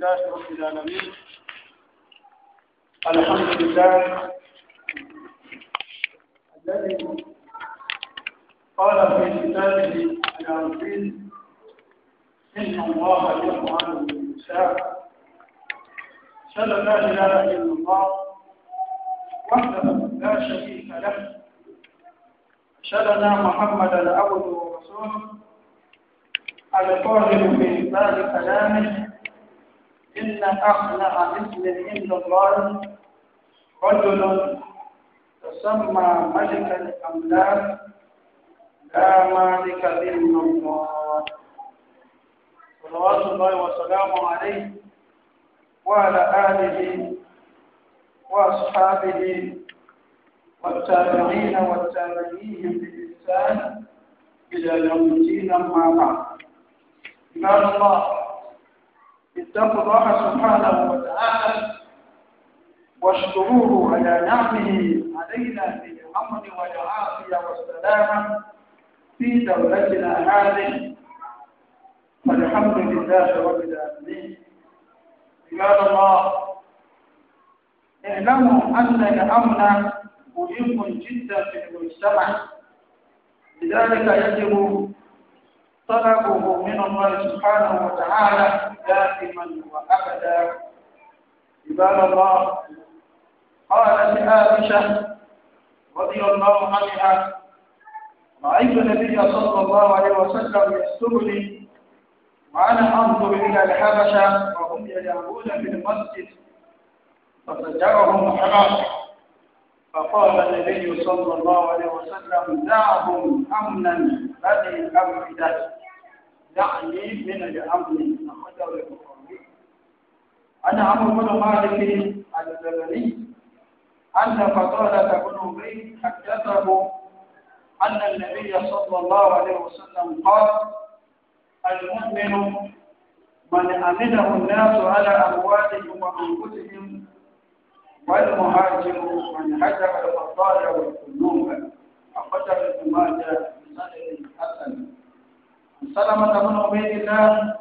لله رب العالمين الحمد لله الذي قال في كتابه العارفين إن الله يفعل من يشاء أشهد لا إله إلا الله وحده لا شريك له أشهد محمدا عبده ورسوله القائل في كتاب كلامه إن أخلع مثل عند الله رجل تسمى ملك الأملاك لا مالك إلا الله صلوات الله وسلامه عليه وعلى آله وأصحابه والتابعين والتابعين بإحسان إلى يوم الدين أما بعد عباد الله اتقوا الله سبحانه وتعالى واشكروه على نعمه علينا بالامن والعافيه والسلامه في دولتنا هذه فالحمد لله رب العالمين عباد الله اعلموا ان الامن مهم جدا في المجتمع لذلك يجب طلبه من الله سبحانه وتعالى دائما وابدا عباد الله قال لعائشه رضي الله عنها رايت النبي صلى الله عليه وسلم يستغني وانا انظر الى الحبشه وهم يلعبون في المسجد فزجرهم حرام فقال النبي صلى الله عليه وسلم دعهم امنا بني امرده يعني من الأمن أخرجه البخاري أن عمرو بن مالك الزبري أن فضالة بن أبي حدثه أن النبي صلى الله عليه وسلم قال المؤمن من أمنه الناس على أموالهم وأنفسهم والمهاجر من هجر البطالة والذنوب أخرجه ابن ماجه بسند حسن سلامة من عبيد الله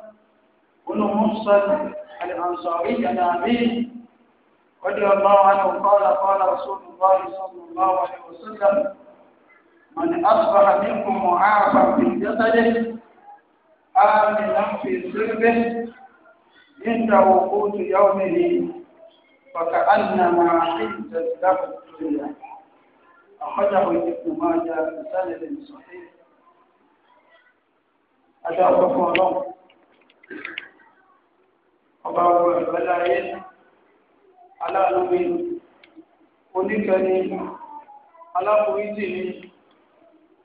بن محصن الأنصاري الأمين رضي الله عنه قال قال رسول الله صلى الله عليه وسلم من أصبح منكم معافى في جسده آمنا في سربه عند وقوت يومه فكأنما حجت له الدنيا أخرجه ابن ماجه بسند صحيح adá ọkọ fún ọlọ́run ọba ọwọ́ ìgbẹ́lá ayé aláàánú oníkẹ́ni aláforíjì mi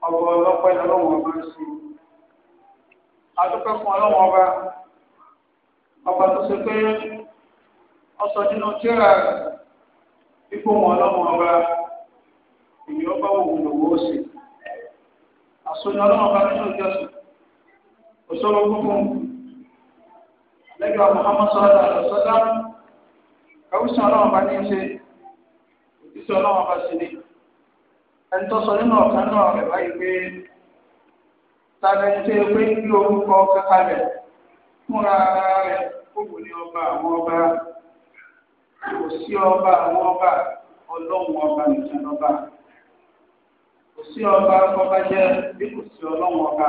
ọ̀bọ̀ ọlọ́pẹ́ ọlọ́run ọba sí adúpẹ́ fún ọlọ́run ọba ọba tó ṣe pé ọsọ nínú tíra ipò wọn ọlọ́run ọba èyí ọba ọba òṣòro gbogbo lẹ́gbẹ̀ẹ́ Muhammad sọ́dọ̀ àlọ́sọ́dọ̀ kàwùsì ọlọ́run bá ní í ṣe òjíṣẹ́ ọlọ́run bá sí ni ẹni tó sọ nínú ọ̀kan náà rẹ̀ báyìí pé tàbẹ̀ntì ọba àwọn ọba ọba àwọn ọba ọba nìkan ọba kò ọba bí kò ọba.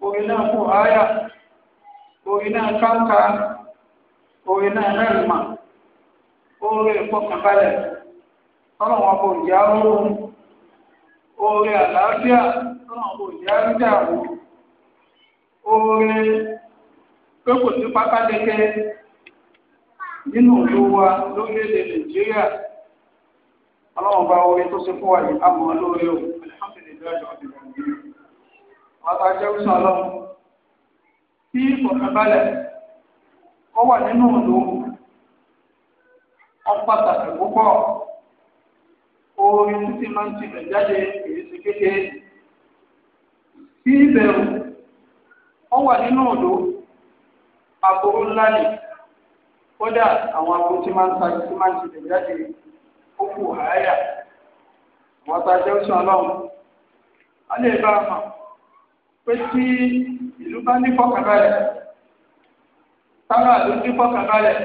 orin náà kò áyà orin náà káńkà orin náà rẹ́rìmà orin ìfọkànbalẹ̀ ọlọ́wọ́n kò àlàáfíà ọlọ́wọ́n kò wa lórílẹ̀-èdè nàìjíríà ọlọ́wọ́n bá tó ṣe fún wa yìí àmọ́ wata òṣà lọ́wọ́ tí ìfọ̀kànbalẹ̀ ó wà nínú òdo ọ̀pàtàkì púpọ̀ orin títí máa ń tibẹ̀ jáde èyí ti kékeré tí ìbẹ̀rù ó wà nínú òdo aburú ńlá ni kódà àwọn aburú tí máa ń ta máa ń jáde ó kù wọ́n pé tí ìlú bá ní fọkànbalẹ̀ tára ló ní fọkànbalẹ̀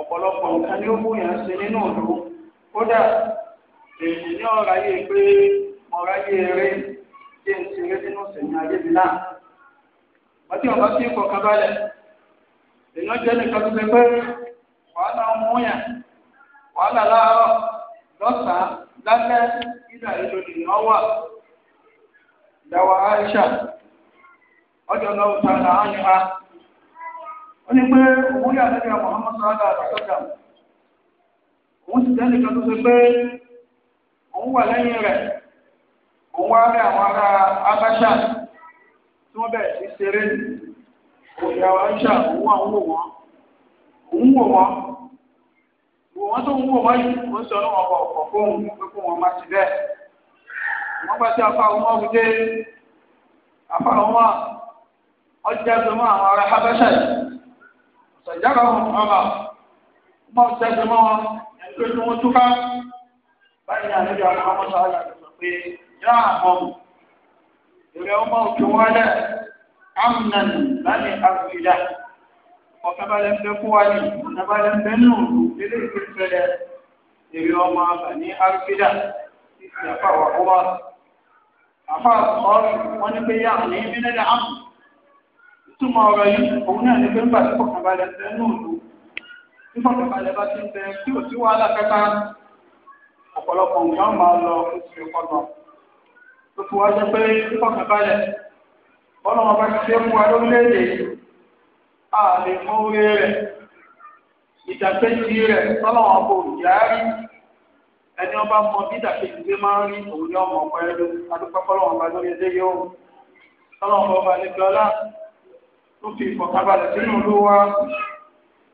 ọ̀pọ̀lọpọ̀ nǹkan ni ó mú yàn ṣe nínú ìlú kódà èyí ní ọ̀rá yé pé ọ̀rá yé eré tí ń ṣeré nínú sẹ̀yìn ayébi náà wọ́n tí ọ̀bá sí fọkànbalẹ̀ èèyàn jẹ́ nìkan tó ṣe pé wàhálà ọmọ yàn wàhálà láàárọ̀ lọ́sàn-án lálẹ́ ìdá èlò wà. ìyàwó Aisha ọjọ́ lọ́wọ́ ta là á ó ní pé òun yà lẹ́yìn àwọn ọmọ sọ́dà àtàkọ́jà òun tẹ́lẹ̀ tó pé òun wà lẹ́yìn rẹ̀ òun wá rí àwọn ará Abacha tí wọ́n bẹ̀rẹ̀ sí ṣeré ìyàwó Aisha òun wò wọ́n òun wò wọ́n wò wọ́n tó ń wò wọ́n yìí wọ́n sọ ọ̀pọ̀ fóun wọn wọ́n bá tí afa wọn ọ̀hún dé afa wọn ọjà tó mọ àwọn ará habẹ́sẹ̀ ṣàjára wọn ọba wọn ọjà tó mọ wọn ẹgbẹ́ tó wọn túká báyìí ní àlejò àwọn ọmọ sọ̀rọ̀ yàtọ̀ sọ pé yá àwọn ìrẹ́ ọmọ òkè wọn lẹ̀ amnan láti àgbèjà ọ̀kẹ́bàlẹ̀ ń bẹ fún wa ní ọ̀kẹ́bàlẹ̀ ń bẹ nù lélẹ̀ ìgbésẹ̀ rẹ̀ èrè ọmọ àgbà ní àgbèjà ìfẹ́ fáwọn ọmọ. àfa ọ̀rọ̀ wọn ní pé yá àmì ìbílẹ̀ àmì ìtumọ̀ ọ̀rọ̀ yìí òun náà ní pé ń bà tí kò kàbalẹ̀ náà lò tí kò bá ti ń bẹ tí ò sí ọ̀pọ̀lọpọ̀ máa lọ tó wá jẹ́ pé bá ti ṣe fún wa lórílẹ̀ a lè ẹni ọba mọ bí ìdàkejì gbé máa ń rí òun ní ọmọ ọpẹ ló adúpẹ́ fọlọ́wọ́n ọba lórí ẹdẹ yóò fọlọ́wọ́n ọba ní gbọ́lá ó fi ìfọ̀kànbalẹ̀ sínú ìlú wa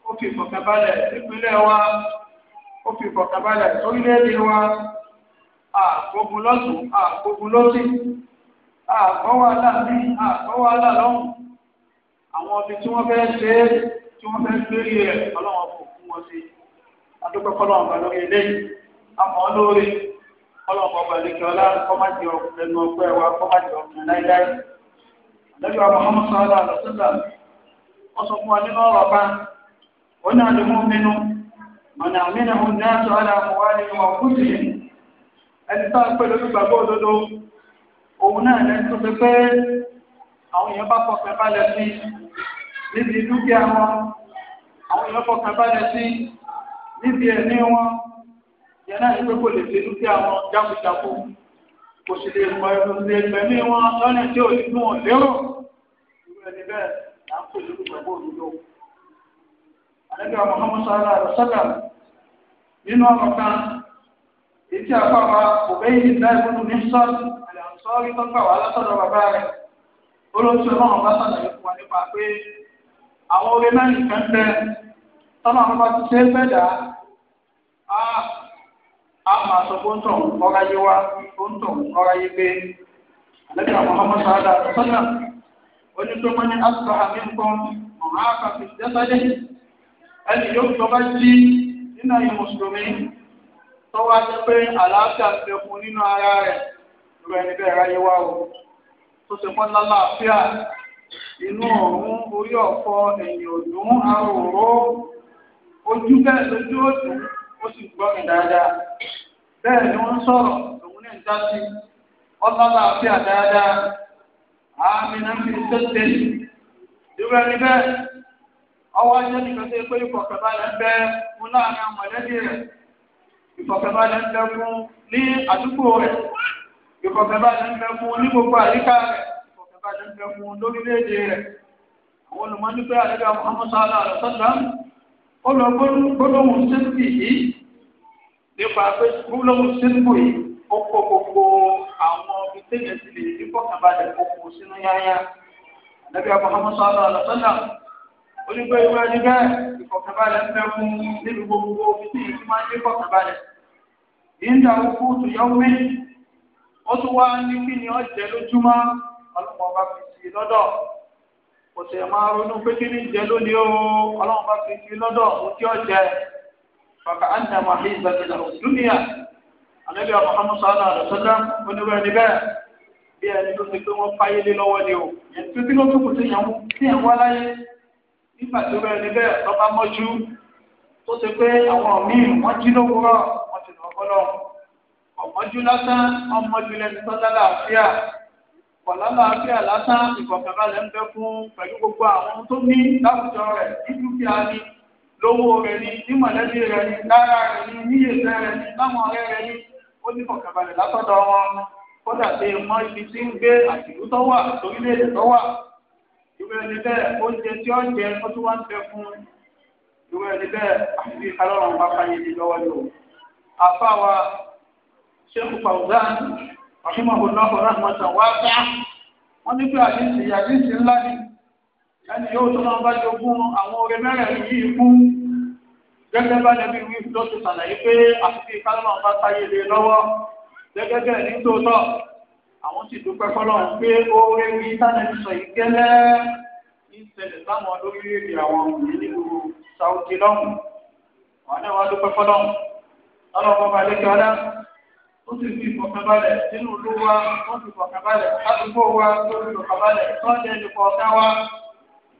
ó fi ìfọ̀kànbalẹ̀ ìpínlẹ̀ wa ó fi ìfọ̀kànbalẹ̀ sórílẹ̀-èdè wa àgbógun lọ́sùn àgbógun lọ́sìn àgbọ́wàlà ní àgbọ́wàlà lọ́hùn àwọn ọbẹ̀ tí wọ́n fẹ́ ṣe é tí wọ́n fẹ́ lórí rẹ̀ fọlọ́wọ́n fò fún wọn sí adúpẹ́ fọlọ́wọ́n ọba lórí ẹdẹ yìí. àmọ́ lórí ọlọ́pàá balẹ̀kẹ́ ọlá kọ́májì ẹnu ọgbẹ́ wa kọ́májì ọkùnrin láíláí. àlejò àmọ́hámọ́ sọ́ọ́lá àlọ́sọ́lá wọ́n sọ fún wa nínú ọ̀rọ̀ bá àmọ́wá ẹni a pè gbàgbọ́ yẹn náà ní pé kò lè ṣe dúkìá wọn jákujáku kò sì lè mọ ẹrù lè pẹ̀lú wọn lọ́nà tí ò ní mú wọn lérò irú ẹni bẹ́ẹ̀ là ń pè lórí ìgbàgbọ́ òdodo. àlejò Muhammad sallallahu nínú kan ètí àpapọ̀ ní ní sọ́ọ̀tì àlẹ́ tó gbà wá látọ̀dọ̀ bàbá rẹ̀ bá sàlàyé fún wa nípa pé àwọn orin mẹ́rin tọ́lá Ama máa sọ fún tọ̀ ọ̀ráyé wá fún tọ̀ ọ̀ráyé gbé àlẹ́bí àwọn ọmọ sáadà sọ́nà onítọ́mọ́ ní asọ́ àmínkàn ọ̀rá àkàfi jẹ́sàdé ẹni yóò tọ́ bá jí nínú ayé mùsùlùmí tọ́wọ́ ajẹ́ pé àlàáfíà ń fẹ́ fún nínú ara rẹ̀ lórí ẹni bẹ́ẹ̀ ráyé wá o tó ṣe fọ́n lálàáfíà inú ọ̀run orí ọ̀fọ́ ẹ̀yìn ọ̀dún aròró ojú bẹ́ẹ̀ lójú òdùn ó sì gbọ́ mi dáadáa bẹ́ẹ̀ ni wọ́n sọ̀rọ̀ òun náà ń sí ọlọ́lá àfíà dáadáa àmì náà fi bẹ́ẹ̀ ọwọ́ ajé nìkan tó yẹ pé ń bẹ fún láàrin àwọn mọ̀lẹ́bí rẹ̀ ìfọ̀kànbalẹ̀ ń bẹ fún ní àdúgbò rẹ̀ ìfọ̀kànbalẹ̀ ń bẹ fún ní gbogbo àyíká rẹ̀ ń bẹ fún lórílẹ̀-èdè rẹ̀ àwọn olùmọ̀ ó lọ gbólóhùn sẹ́ńtì yìí nípa pé gbólóhùn sẹ́ńtì yìí ó kó gbogbo àwọn ibi tẹ́lẹ̀ ti lè ní kọ́kànbalẹ̀ kókó sínú yáyá lẹ́bí Muhammad sallallahu alaihi wasallam onígbà ìwé ẹni bẹ́ẹ̀ ìkọ̀kànbalẹ̀ ń bẹ fún níbi gbogbo ibi tí ìlú máa ń ní kọ̀kànbalẹ̀ ìyíǹda òkú tó yọ wí ó tún wá ní kí ni ọ̀jẹ̀ lójúmọ́ ọlọ́mọba fi sí lọ́dọ̀ ọ̀sẹ̀ máa ronú pé kí ní jẹ lónìí o ọlọ́run bá fi fi lọ́dọ̀ òun tí ó jẹ bàbá àná màmí ìgbàgbọ́dọ̀ dúnìyà àlẹ́bí Muhammad sallallahu alaihi wasallam onírú ẹni bẹ́ẹ̀ bí ẹni tó ti pé wọ́n fáyé lé lọ́wọ́ ni o yẹn tó tí ló tó kù sí yẹn wá láyé nígbà tó rẹ ẹni bẹ́ẹ̀ lọ́ba mọ́jú tó ti pé àwọn míì wọ́n jí lówùrọ̀ wọ́n ti lọ́ ọ̀làlà àti àlàtà ìfọ̀kànbalẹ̀ ń bẹ fún pẹ̀lú gbogbo àwọn tó ní láwùjọ rẹ̀ ní dúkìá ni lówó rẹ̀ ni ní mọ̀lẹ́bí rẹ̀ ni lára rẹ̀ ni níyèsẹ́ rẹ̀ ni láwọn ọ̀rẹ́ rẹ̀ ni ó ní ìfọ̀kànbalẹ̀ látọ̀dọ̀ wọn kódà tẹ mọ ibi tí ń gbé àtìlú tó wà lórílẹ̀-èdè tó wà ìwé ẹni bẹ́ẹ̀ oúnjẹ tí ó jẹ ó tún wá ń bẹ fún ìwé ẹni bẹ́ẹ̀ àfi kálọ̀rọ̀ bá fàyè ní lọ́wọ́ yòó àfáwa Sheikh Fawzan rahimahullahu rahmatan wasi'a wọ́n ní pé àdìsí àdìsí ńlá ni ẹni yóò tó náà bá jogún àwọn oore mẹ́rẹ̀ yìí fún gẹ́gẹ́ bá lẹ́bí wí tó ti sàlàyé pé àfikún kálọ́mà bá táyé lé lọ́wọ́ gẹ́gẹ́ bẹ́ẹ̀ ní tòótọ́ àwọn sì dúpẹ́ fọlọ́run pé oore wí tánàbí sọ yìí gẹ́lẹ́ ní ìṣẹ̀lẹ̀ sáwọn lórílẹ̀-èdè àwọn òní nínú Saudi lọ́hùn-ún wọn náà wá dúpẹ́ fọlọ́run ó sì fi ìfọ̀kànbalẹ̀ nínú ìlú wa wọ́n fi ìfọ̀kànbalẹ̀ ládùúgbò wa tó fi ìfọ̀kànbalẹ̀ sọ́ọ̀dẹ̀ nìkan ọ̀tá wa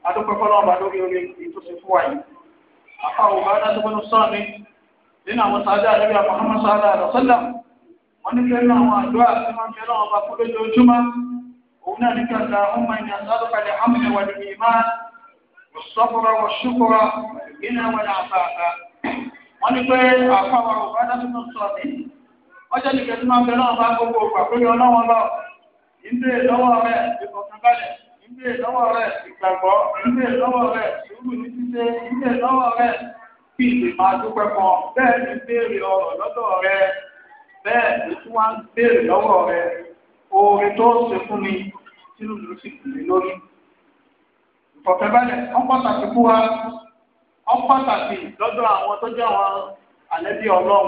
adúpẹ́ kọ́ lọ́wọ́ lórí orí ìtòsí fún wa yìí. àfa ò bá dájú pẹ́nu sọ́ọ̀ mi nínú àwọn sáájú àdébí àmọ́hámá sáájú àdọ́sọ́lá wọ́n ní kẹ́rin àwọn àdúrà tí wọ́n fẹ́ lọ́wọ́ bá kú lójoojúmọ́ òun náà ní kẹta ọmọ ìyá sálùkà lè hàmì wà ní ìmá sọ́kùrọ̀ wọ̀ ṣùkùrọ̀ ìgbéná wà ní àfààfà wọ́n ní pé àfa wà ò bá dájú pẹ́nu sọ́ọ̀ ọjọ́ nìkan tí máa ń bẹ náà bá gbogbo ògbà pé ọlọ́wọ́n lọ ìgbé lọ́wọ́ rẹ̀ ìfọ̀kànbalẹ̀ ìgbé lọ́wọ́ rẹ̀ ìgbàgbọ́ ìgbé lọ́wọ́ rẹ̀ ìrúbù ní ṣíṣe ìgbé lọ́wọ́ rẹ̀ kí ìlè máa dúpẹ́ kan bẹ́ẹ̀ ni béèrè ọ̀rọ̀ lọ́dọ̀ rẹ̀ bẹ́ẹ̀ ni tí wọ́n ń béèrè lọ́wọ́ rẹ̀ oore tó ṣe fún mi sínú ló sì kù mí lórí. ìfọ̀kànbalẹ̀ wọ́n pàtàkì fún wa wọ́n pàtàkì lọ́dọ̀ àwọn tó jẹ́ àwọn àlẹ́bí ọlọ́run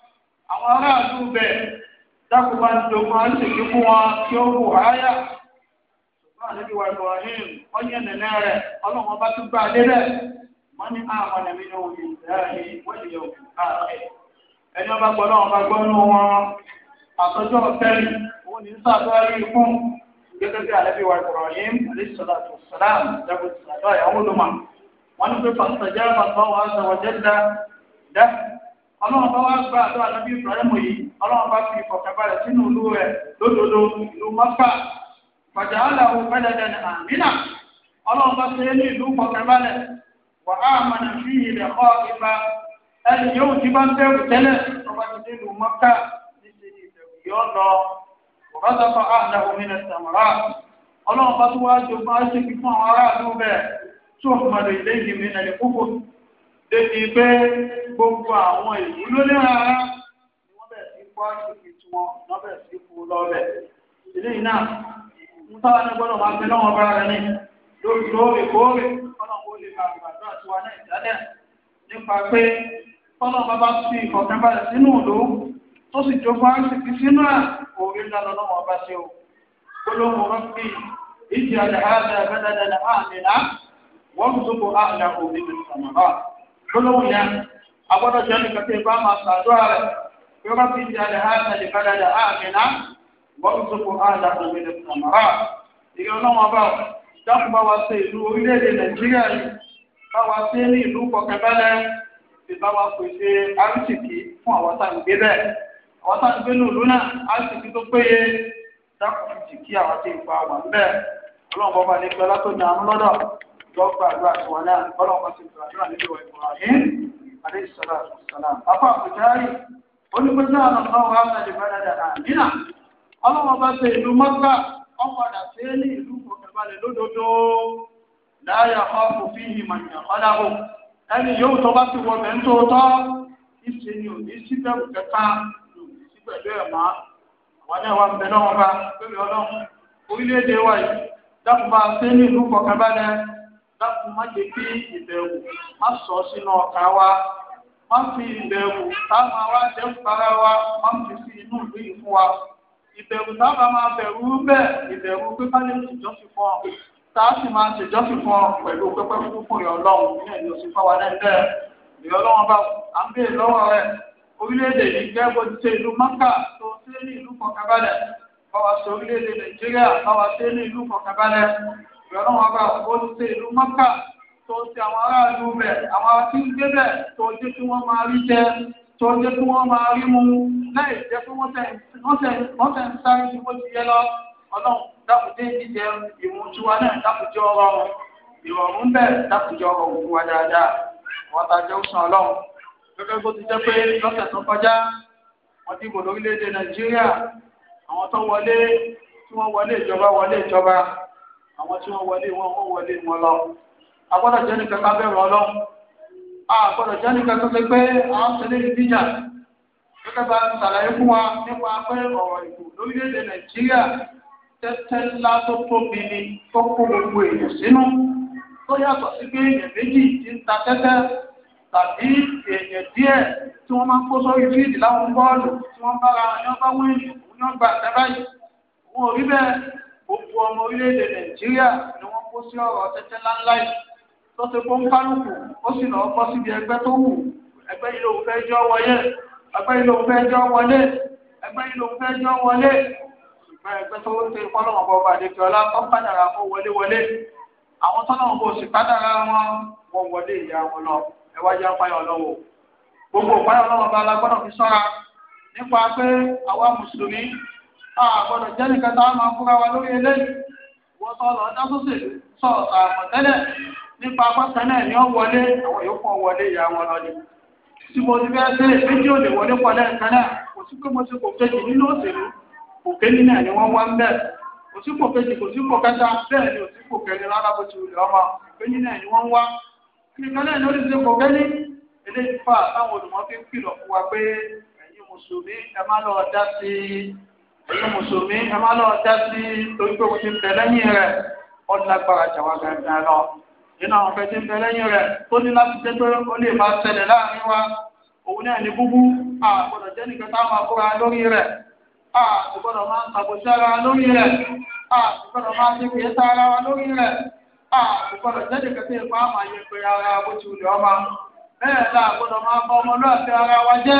àwọn aráàlú bẹ̀ dákùbá ń tó máa ń ṣèké fún wọn kí ó wù áyà ṣùgbọ́n àlejò wa Ibrahim wọ́n yẹn nẹ̀nẹ́ rẹ̀ ọlọ́run bá tún gbà dé bẹ̀ wọ́n ní àwọn ẹ̀mí ní omi ìdáyé wọ́n lè yọ ẹni ọba gbọ́dọ̀ ọba gbọ́nú wọn àtọ́jú ọ̀fẹ́rì òun ní sàtọ́rí fún gẹ́gẹ́ bí àlẹ́bí wa Ibrahim alayhi salatu wassalam dábòtì ọlọ́run bá wá gba àdúrà nàbí ibrahim yìí ọlọ́run bá fi ìfọ̀kànbalẹ̀ sínú ìlú rẹ̀ lódodo ìlú mọ́fà fàjà aláwo fẹ́lẹ́dẹ́ ní àmínà ọlọ́run bá ṣe é ní ìlú wà á mọ̀nà sí ilẹ̀ kọ́ ipa ẹni yóò ti bá ń bẹ̀rù tẹ́lẹ̀ ọba ti dé ìlú mọ́fà ìbẹ̀rù lọ débi pé gbogbo àwọn ìlú ló ní rárá ni wọ́n bẹ̀rẹ̀ sí kọ́ ìpè tí wọ́n wọ́n bẹ̀rẹ̀ sí kú lọ́rẹ̀. eléyìí náà ń táwa ní gbọ́dọ̀ máa fi lọ́wọ́ bára rẹ̀ ní lórí lórí kóòrè kọ́nà kó lè ka àgbàdo àti wa náà ìdálẹ̀ nípa pé kọ́nà bàbá fi ìkọ̀kẹ́ balẹ̀ sínú òdo tó sì jó fáńsìkì sínú à òòrè ńlá lọ́nà bá ṣe o gbólóhùn rọ́ bí ìjì àdàhà gbólóhùn yẹn agbọ́dọ̀ jẹ́ nìkan tí ìbá máa ṣàdúrà rẹ̀ bí ó bá ti di alẹ́ ha ṣe lè padà dà àmìnà wọ́n tó kó àdá omi bá bá wa ṣe ìlú orílẹ̀-èdè nàìjíríà yìí bá wa ṣe ní ìlú kọkẹ́bẹ́lẹ́ ti bá wa pèsè fún àwọn tá à ń gbé bẹ́ẹ̀ àwọn tá à ń gbé ní ìlú náà tó péye ti lọ́gbà àdúrà tí wọn náà ọlọ́run pàṣẹ ìgbà àdúrà nílé ìwà ìwà yìí àdéhìsọ́lá àdéhìsọ́lá. apá àkùjárí onígbèsè àlọ́kọ́ wa ń ṣe ìlú mọ́gbà ọ̀padà sí ní ìlú kọ̀kẹ́balẹ̀ lódodo láyà fi ẹni yóò bá ti wọ kẹta dákun má jẹ́ kí ìbẹ̀rù má sọ sínú ọkà wa má fi ìbẹ̀rù táwọn àwa jẹ́ para wa má fi sí inú ìlú yìí fún wa ìbẹ̀rù táwọn máa bẹ̀rù bẹ́ẹ̀ ìbẹ̀rù pé ká lè tìjọ́ sí fún ọ tá a sì máa tìjọ́ sí fún ọ pẹ̀lú pẹ́pẹ́ fúnfún ìyọ̀ ọlọ́run ní ẹ̀yìn òsì fáwa náà bẹ́ẹ̀ ìyọ̀ ọlọ́run bá à ń bèèrè lọ́wọ́ rẹ̀ orílẹ̀-èdè yìí gẹ́gẹ́ bó ti ṣe ìlú mọ́kà tó ṣe ní ìlú kọ̀ọ̀kan balẹ̀ báwa ṣe orílẹ̀-èdè nàìjíríà báwa ṣe ní ìlú kọ̀ọ̀kan balẹ̀ ìrọ̀lọ́run ọba ó ti ṣe ìlú mọ́kà tó ti àwọn aráàlú bẹ̀ àwọn tí ń gbé bẹ̀ tó jẹ́ kí wọ́n máa rí jẹ tó jẹ́ kí wọ́n máa rí mu láì jẹ́ pé wọ́n tẹ̀ ń sáré ju bó ti yẹ lọ ọlọ́run dákùjẹ́ jíjẹ ìmúṣúwa náà dákùjẹ́ ọ̀rọ̀ ìrọ̀rùn bẹ́ẹ̀ dákùjẹ́ ọ̀rọ̀ òkú wa dáadáa wọ́n ta jẹ́ òsàn ọlọ́run gẹ́gẹ́ bó ti jẹ́ pé lọ́sẹ̀ tó kọjá wọ́n àwọn tí wọ́n wọlé wọn wọ́n wọlé wọn lọ agbọ́dọ̀ jẹ́ ní kankan bẹ̀rù ọlọ́run agbọ́dọ̀ jẹ́ ní kankan pé à ń tẹ̀lé ìdíjà gẹ́gẹ́ bá ń ṣàlàyé fún wa nípa pé ọ̀rọ̀ ìbò lórílẹ̀‐èdè nàìjíríà tẹ́tẹ́ ńlá tó tóbi ni tó kó gbogbo èèyàn sínú tó yàtọ̀ sí pé èèyàn méjì ti ń ta tẹ́tẹ́ tàbí èèyàn díẹ̀ tí wọ́n máa kó sórí fíìdì láwọn bọ́ọ̀lù tí wọ́n bára wọn ní wọ́n bá wọ́n èèyàn gbogbo ọmọ orílẹ̀-èdè nàìjíríà ni wọ́n kó sí ọ̀rọ̀ tẹ́tẹ́ láńlá yìí tó ti kó ń kálukú ó sì lọ́ọ́ bọ́ síbi ẹgbẹ́ tó wù ẹgbẹ́ yìí lòun fẹ́ jọ́ wọlé ẹgbẹ́ yìí lòun fẹ́ jọ́ wọlé ẹgbẹ́ yìí lòun fẹ́ jọ́ wọlé ṣùgbọ́n ẹgbẹ́ tó ń ṣe fọ́lọ́wọ́n bọ́ bàdé fi ọlá tó kádàrà wọn wọlé wọlé àwọn tọ́lọ́wọ́n bó sì kádàrà wọn wọn wọlé ìyá àgbọ̀dọ̀ jẹ́ nìkan tá máa fúnra wa lórí eléyìí wọ́n tọ́ lọ dákúsè sọ̀ọ̀tà àmọ̀tẹ́lẹ̀ nípa ni ó wọlé àwọn yòókù wọlé ìyá wọn lọ ni. tí mo ti fẹ́ ṣe méjì ò lè wọlé pọ̀lẹ́ nǹkan náà kò sí pé mo ti kò nínú òṣèlú kò kéjì náà ni wọ́n wá ń bẹ̀. kò sí kò kò sí kò kẹta bẹ́ẹ̀ ni ò sí kò kẹni rárá bó ti ẹ̀yin mùsùlùmí ẹ má lọ dá sí torí pé òun ti bẹ̀ lẹ́yìn rẹ̀ wọ́n lágbára jàwá gàgà lọ nínú àwọn ọ̀fẹ́ tí ń bẹ lẹ́yìn rẹ̀ tó ní láti jẹ́ pé ó lè máa ṣẹlẹ̀ láàrin wa òun náà ní búbú àgbọ̀dọ̀ jẹ́ nìkan táwọn afúra lórí rẹ̀ àgbọ̀dọ̀ máa ń tàbọ̀sí ara lórí rẹ̀ àgbọ̀dọ̀ máa ń ṣe kìí sa ara wa lórí rẹ̀ àgbọ̀dọ̀ jẹ́ nìkan tí ipa máa pé ara bó ti wùlẹ̀ ọmọ bẹ́ẹ̀ la àgbọ̀dọ̀ máa bọ ọmọlúwàfẹ́ ara wa jẹ́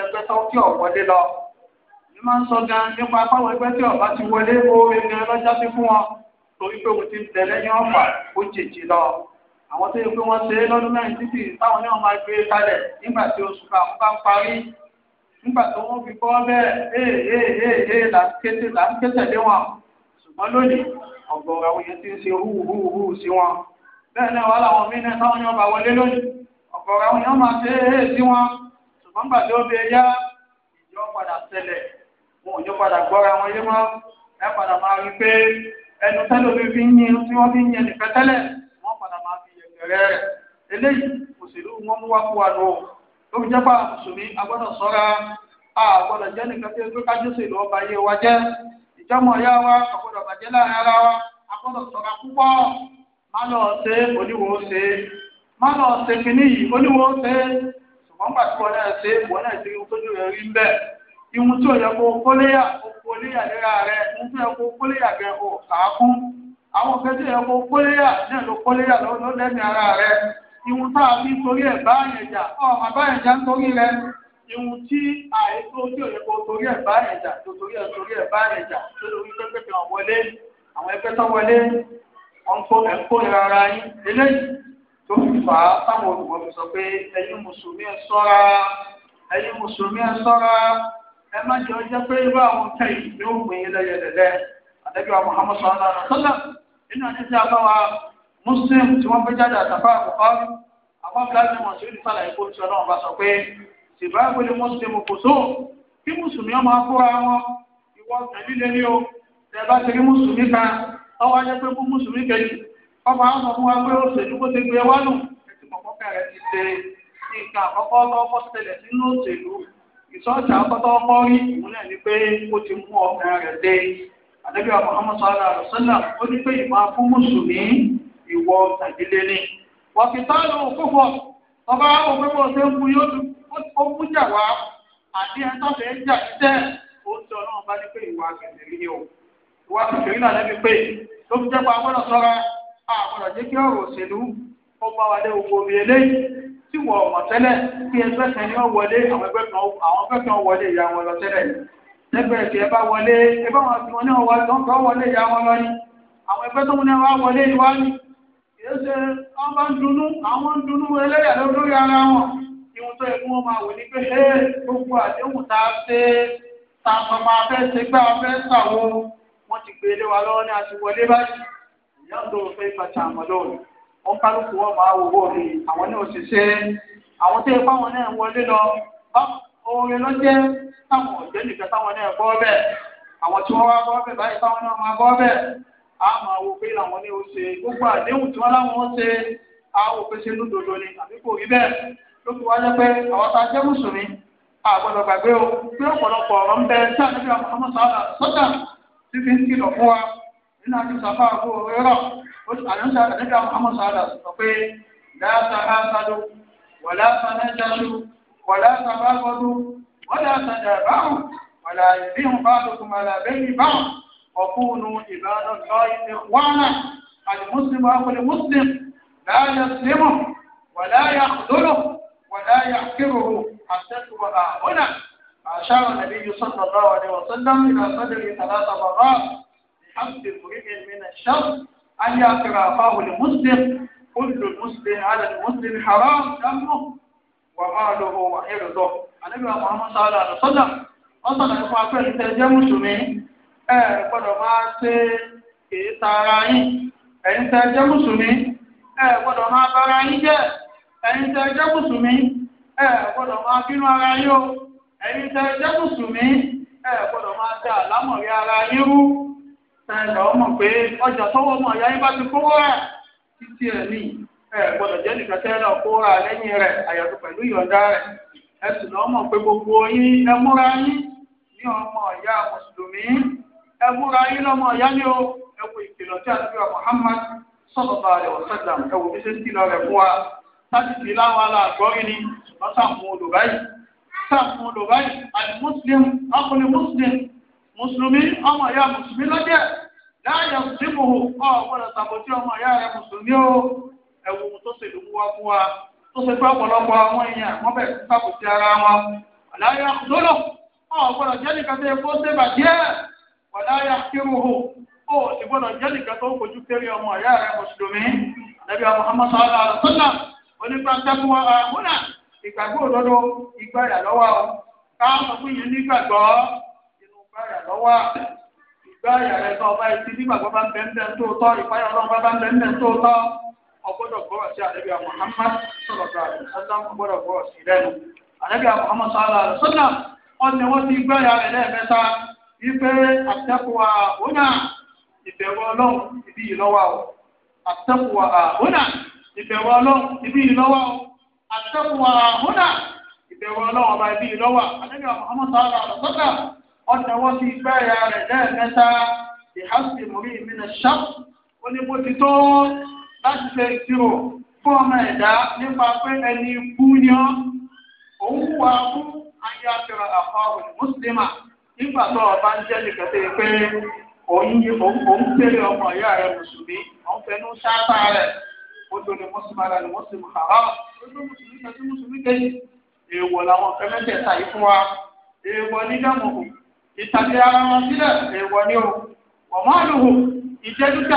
ti ẹgbẹ́ tó tí ò wọlé lọ. Ní máa ń sọ gan nípa fáwọn ẹgbẹ́ tí ọ̀bá ti wọlé oore gan lọ́jọ́ sí fún wọn torí pé òun ti ń tẹ̀lé ní ọ̀fà ó jèjì lọ. Àwọn tó yẹ pé wọ́n ṣe é lọ́dún mẹ́rin títì táwọn náà máa gbé e kalẹ̀ nígbà tí oṣù kàwọn bá ń parí. Nígbà tó wọ́n fi kọ́ bẹ́ẹ̀ ee ee ee ee là ń kété là ń kété lé wọn. Ṣùgbọ́n lónìí ọ̀gọ̀ọ̀rọ̀ àwọn èèyàn ti ń ṣe húhùhù sí wọn. Bẹ́ẹ̀ náà wà láwọn mí náà táwọn yóò bá wọlé lónìí. ọ̀gọ̀ọ̀rọ̀ àwọn èèyàn máa ṣe é sí wọn wọ́n gbà tí ó bẹ yá ìjọ padà ṣẹlẹ̀ wọn ò jọ padà gbọ́ra wọn yé mọ́ ẹ padà máa rí pé ẹnu tẹ́lómi fi ń yin tí wọ́n fi ń yin nìkan tẹ́lẹ̀ wọ́n padà máa fi yẹ̀gẹ̀rẹ́ rẹ̀ eléyìí òṣèlú wọn mú wá kú wa lọ ó fi jẹ́ pé àmùsùnmí agbọ́dọ̀ sọ́ra àgbọ́dọ̀ jẹ́ nìkan tí ó kájọ́sè lọ́ọ́ bá yé wa jẹ́ ìjọ́mọ̀ ọ̀yá wa àgbọ́dọ̀ bàjẹ́ láàrin ara wa àgbọ́dọ̀ sọ́ra wọn gbà tí wọn náà ṣe wọn náà ṣe tójú rẹ rí bẹ́ẹ̀ ìhun tí ò yẹ kó kóléyà kó kóléyà léra rẹ ìhun tí ò yẹ kó kóléyà gẹ ò kàákún àwọn òfin tí ò yẹ kó kóléyà náà ló kóléyà ló lẹ́mìí ara rẹ ìhun tá a fi torí ẹ̀ báyẹn jà ọ̀ àbáyẹn jà ń torí rẹ ìhun tí àìsó tí ò yẹ kó torí ẹ̀ báyẹn jà tó torí ẹ̀ torí ẹ̀ báyẹn jà tó lórí pẹ́pẹ́ wọlé àwọn ẹgbẹ́ tó wọlé wọn kó ìrara yín eléyìí tó fi fà á táwọn olùkọ́ fi sọ pé ẹ̀yin mùsùlùmí ẹ ṣọ́ra ẹ̀yin mùsùlùmí ẹ ṣọ́ra ẹ má jẹ́ ọjọ́ pé irú àwọn kẹ́yìn ni ó gbìn yín lẹ́yẹ̀dẹ̀dẹ̀ àdẹ́bí wa Muhammad sallallahu Muslim tí wọ́n gbé jáde àtàfà àkọ́kọ́ bíláàdì tí ọlọ́run bá sọ pé ṣìbá Muslim kò kí mùsùlùmí ọmọ akóra wọn ìwọ o ti rí mùsùlùmí kan ọwọ́ ajẹ́ pé mùsùlùmí ọmọ àwọn ọmọ wa pé òṣèlú kó ti gbé wánù ẹtì kọ̀ọ̀kan kẹrẹ ti ṣe nǹkan àkọ́kọ́ lọ́kọ́ ṣẹlẹ̀ nínú òṣèlú ìsọ́ọ̀tì àkọ́tọ́ ọkọ́ rí òun ni pé ó ti mú ọkàn rẹ̀ dé àdébí ọmọ ọmọ sọ́ọ́lá rẹ̀ sọ́lá ó ní pé ìmọ̀ fún mùsùlùmí ìwọ tàbílẹ̀ ni wọ̀kìtánù ọba ṣe ń bu yóò jà wá àti jà àgbọ̀dọ̀ jẹ́ kí ọ̀rọ̀ òṣèlú ó bá wa dé gbogbo omi eléyìí tí wọ́n mọ̀ tẹ́lẹ̀ kí ẹgbẹ́ kan ní wọ́n wọlé àwọn ẹgbẹ́ kan wọlé ìyá wọn lọ tẹ́lẹ̀ lẹ́gbẹ̀ẹ́ tí ẹ bá wọlé ẹ bá wọn tí wọn náà wá tó ń kọ́ wọlé ìyá wọn lọ ni àwọn ẹgbẹ́ tó ń náà wá wọlé ìwá ni kìí ṣe wọ́n bá ń dunú àwọn ń dunú ẹlẹ́yà lórí ara wọn ìwọ̀n tó ẹ̀kún wọn máa wò ní pé ẹ gbogbo àdéhùn tá a ṣe tá a máa ṣe gbá a fẹ́ ṣàwọ wọ́n ti gbé ilé wa lọ́wọ́ ní àti wọlé báyìí yàtọ̀ fẹ́ ìfàtà àmọ́lọ́ wọn kálukú wọn máa wọwọ́ mi àwọn náà ṣiṣẹ́ àwọn tó yẹ fáwọn náà wọlé lọ orin ló jẹ́ táwọn ọ̀jẹ́ nìkan táwọn náà gbọ́ bẹ́ẹ̀ àwọn tí wọ́n wá gbọ́ bẹ́ẹ̀ báyìí táwọn náà máa gbọ́ bẹ́ẹ̀ a máa wo pé làwọn ní o ṣe gbogbo àdéhùn tí wọ́n láwọn ṣe a ò pèsè lódodo ni àbí kò rí bẹ́ẹ̀ ló fi wá jẹ́ pé àwọn tá a jẹ́ mùsùlùmí àgbọ̀dọ̀ gbàgbé o pé ọ̀pọ̀lọpọ̀ ọ̀rọ̀ ń bẹ sáà níbi àwọn ọmọ sọ́dà sọ́dà tí fi ń kìlọ̀ fún wa nínú àti sàfà àbò rírọ̀ àyànṣe àdéjà muhammad sàlá sọ pé láàtà ha sádó wàlá sàdá jáṣu wàlá sàbá gbọdú wàlá sàdá báwọn wàlá ìbíhùn bá lókun wàlá bẹ́yìn báwọn ọkùnrin ìbáná lọ ilé wánà àlùmùsùlùm àkùnrin mùsùlùm láàyè sílẹ̀mù wàlá yà kúdúrù wàlá yà kírùrù àtẹ́tùwà àhónà. أشار النبي صلى الله عليه وسلم إلى صدره ثلاث مرات حمد امرئ من الشر أن يأكل أخاه المسلم كل المسلم على المسلم حرام دمه وماله وعرضه النبي محمد صلى الله عليه وسلم ọsàn àti fún afẹ́ ìṣẹ́ jẹ́ mùsùlùmí ẹ gbọ́dọ̀ máa ṣe èyí tara yín ẹ̀yin tẹ́ jẹ́ mùsùlùmí ẹ gbọ́dọ̀ máa bára yín jẹ́ ẹ̀yin tẹ́ jẹ́ mùsùlùmí ẹ gbọ́dọ̀ máa bínú ara yín o ẹ̀yin tẹ́ jẹ́ mùsùlùmí ẹ gbọ́dọ̀ máa dá àlámọ̀rí ara yín rú. ẹ̀rọ ọmọ pé ọjà ọmọ ìyá yín bá ti kówó rà títí ẹ̀ ní ẹ̀ gbọ́dọ̀ jẹ́ nìkan tẹ́ kó rà lẹ́yìn rẹ̀ àyàtọ̀ pẹ̀lú ìyọ̀ǹda rẹ̀ sì gbogbo yín ẹ múra yín ní ọmọ ìyá mùsùlùmí ẹ múra yín lọ́mọ o ẹ wo ìkìlọ̀ tí a ti fi Muhammad sọ̀tọ̀tọ̀ rẹ̀ ọ̀sẹ̀dàm ẹ wo rẹ̀ fún wa láti fi láwọn mùsùlùmí ọmọ ìyá mùsùlùmí lọ́jẹ́ láàyè mùsùlùmí ò ọ̀gbọ́dọ̀ tàbọ̀tì ọmọ ìyá rẹ mùsùlùmí ó ẹ̀wù tó ṣe lùmú wá fún wa tó ṣe pé ọ̀pọ̀lọpọ̀ àwọn èèyàn wọ́n bẹ̀ sí tàbọ̀tì ara wọn ọ̀láyà lọ́lọ́ ọ̀gbọ́dọ̀ jẹ́ nìkan tó yẹ kó ṣe bàjẹ́ ọ̀láyà kírùhù ó sì gbọ́dọ̀ jẹ́ nìkan tó kojú kéré ọmọ ìyá rẹ mùsùlùmí nàbí Muhammad sallallahu alaihi wasallam onípa tẹ́kùn wa múnà ìgbàgbọ́ òdodo ìgbàyà lọ́wọ́ káwọn ọkùnrin nígbàgbọ́ ìpáyà lọ́wọ́ ìgbáyà tó ọba etí nígbà tó bá ń bẹ̀ ń bẹ̀ ń tó tọ́ ìpáyà ọlọ́run bá ń bẹ̀ ń bẹ̀ ń tó tọ́ ọgbọ́dọ̀ gbọ́rọ̀ sí àdébíà Muhammad sọ̀rọ̀ tó gbọ́rọ̀ sí lẹ́nu àdébíà Muhammad sọ̀rọ̀ sọ́dọ̀ wọn ni wọ́n ti gbáyà rẹ lẹ́ẹ̀mẹ́ta wípé àtẹ́kùwà ònà ìbẹ̀wọ̀ ọlọ́run ibi ìlọ́wà o àtẹ́kùwà ònà ìbẹ̀wọ̀ ọlọ́run ibi ìlọ́wà o àtẹ́kùwà ònà ìbẹ̀wọ̀ ọlọ́run ọba ibi ìlọ́wà àdébíà Muhammad sọ̀rọ̀ sọ́dọ̀ ọ̀tẹ̀wọ́ sí gbẹ́yà rẹ̀ lẹ́ẹ̀mẹ́ta ìhásí mòrí ìmìnà ṣáp ó ní bó ti tó láti ṣe ìṣirò fún ọmọ ẹ̀dá nípa pé ẹni ikú ni ọ́ òun wà fún ayé àfẹ́rọ àfọwọ́ mùsùlùmá nígbà tó ọba ń jẹ́ nìkan tó yẹ pé òun tẹ́lẹ̀ ọmọ ìyá rẹ̀ mùsùlùmí òun fẹnu ṣáàtà rẹ̀ ó tó ní mùsùlùmí ara mùsùlùmí kàrá ó tó mùsùlùmí kẹsí mùsùlùmí làwọn fẹ́mẹ́tẹ̀ẹ̀ta yìí fún wa èèwọ̀ nígbà mọ̀kùnkùn. ìtàlẹ̀ ara wọn sílẹ̀ èèwọ̀ ni o wọ́n máa lò wò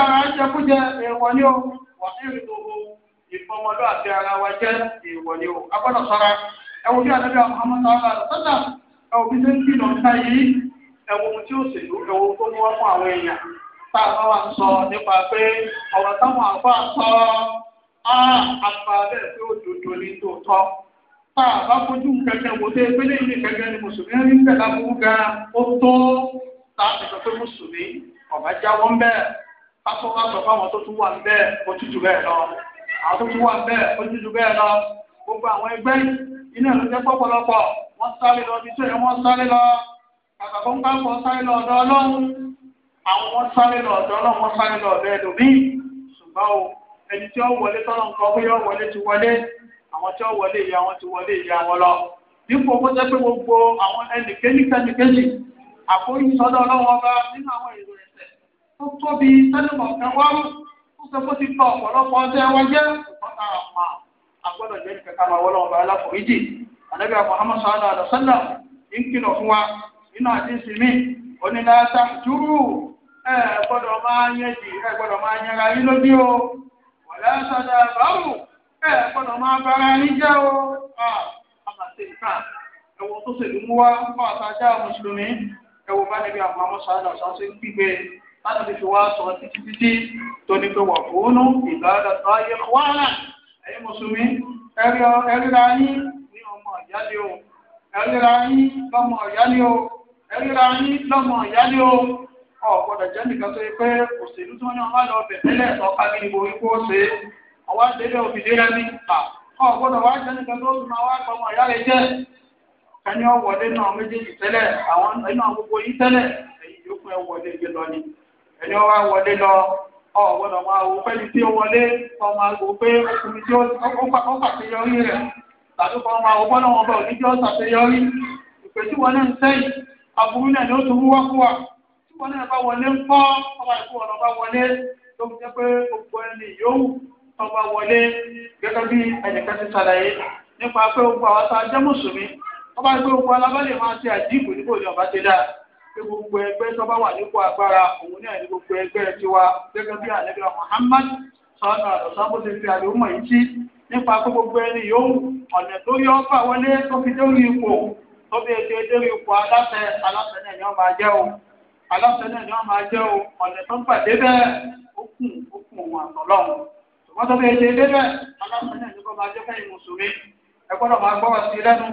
ara jẹkújẹ èèwọ̀ ni o wọ́n fi rìn gbogbo àti ara wa jẹ́ o agbọ́dọ̀ sọ́ra bí bí ta yìí tí ó tó fún àwọn èèyàn wà sọ nípa pé ọ̀rọ̀ táwọn àgbà sọ pa àbá fojú kẹ̀kẹ́ wò dé pélé ilé kẹ̀kẹ́ ni mùsùlùmí rí bẹ́ẹ̀ lábúrú gan ó tó láti sọ pé mùsùlùmí ọ̀bá jáwọ́ ń bẹ́ẹ̀ kásọ̀ kásọ̀ fáwọn tó tún wà ń bẹ́ẹ̀ ó tútù bẹ́ẹ̀ lọ àwọn tó tún wà ń bẹ́ẹ̀ ó tútù bẹ́ẹ̀ lọ gbogbo àwọn ẹgbẹ́ iná ló jẹ́ pọ̀pọ̀lọpọ̀ wọ́n sáré lọ bíi sẹ́yìn wọ́n sáré lọ kàkà tó ń sáré lọ ọ̀dọ̀ ọlọ́run àwọn wọn sáré lọ ọ̀dọ̀ ọlọ́run wọn sáré lọ ọ̀dọ̀ ẹlòmíì ṣùgbọ́n o ẹni tí ó wọlé tọ́lọ́ àwọn tí wọ́n wọlé ìyá wọn ti wọlé ìyá wọn lọ dípò kó jẹ́ pé gbogbo àwọn ẹnìkéjì kẹ́nìkéjì àforí ọlọ́wọ́ bá nínú àwọn èrò ẹ̀sẹ̀ tó tóbi tẹ́lẹ̀mọ̀ kan wá rú tó sọ pé ti tọ ọ̀pọ̀lọpọ̀ ọjọ́ jẹ́ àgbọ̀dọ̀ jẹ́ bá wa o ẹ gbọ́dọ̀ máa bára yín jẹ́ o àmàṣe ìka ẹ̀wọ̀n tó ṣèlú mú wá fún àtàjà mùsùlùmí ẹ̀wọ̀n bá níbi àwọn amọ̀ṣáájú àṣàṣe gbígbẹ láti fi fi wá sọ títí títí tó ní pé wà fóònù ìbáradà tó ayé wàhálà ẹ̀yin mùsùlùmí ẹ̀ríra yín ní ọmọ ìyáálé o ẹ̀ríra yín lọ́mọ ìyáálé o ẹ̀ríra yín lọ́mọ ìyáálé o ọ̀gbọ́dọ̀ jẹ́ nìkan tó yẹ pé òṣèlú tí wọ́n ní wọn bá lọ bẹ̀ tẹ́lẹ̀ ọ̀ká kí ni ọwọ́ ìdílé òfìdí rẹ ní ìta kọ́ ọ̀gbọ́dọ̀ wá jẹ́ nìkan tó ń máa wá pọ̀mọ̀ ìyá rẹ jẹ́ kẹ́ni ọ̀wọ́dé náà méjèèjì tẹ́lẹ̀ àwọn iná gbogbo yìí tẹ́lẹ̀ èyí yóò fún ẹ wọlé gbé lọ ni ẹni ọwọ́ wọlé lọ ọ̀gbọ́dọ̀ máa wo pẹ́ni tí ó wọlé kọ́ máa wo pé ọkùnrin tí ó pàṣeyọrí rẹ̀ tàbí kọ́ máa wo bọ́lá wọn bá òní tí ó ṣàṣeyọrí ìpè tí wọn náà ń sẹ́yìn aburú náà ni ó tún wúwá fún wa tí wọn náà bá wọlé ń kọ́ ọba ìkú ọ̀nà bá wọlé ló fi jẹ́ pé gbogbo ẹni yòówù ọba wọlé gẹ́gẹ́ bí ẹnìkan ti ṣàlàyé nípa pé gbogbo àwọn tá a jẹ́ mùsùlùmí tọ́gbà pé gbogbo alábàlẹ̀ máa ṣe àdìgbò níbo ni ọba ti dà pé gbogbo ẹgbẹ́ tọ́gbà wà nípò agbára òun náà ní gbogbo ẹgbẹ́ tiwa gẹ́gẹ́ bí Muhammad sọ́nà ti fi yìí sí nípa pé gbogbo ẹni ọ̀nà tó yọ wọlé tó fi dé orí ipò o aláṣẹ náà ni máa o ọ̀nà tó ń pàdé bẹ́ẹ̀ ó ṣùgbọ́n tó bẹ́ẹ̀ ṣe débẹ̀ aláṣẹ náà ní kó máa jẹ́ fẹ́yìn mùsùlùmí ẹ gbọ́dọ̀ máa gbọ́ sí i lẹ́nu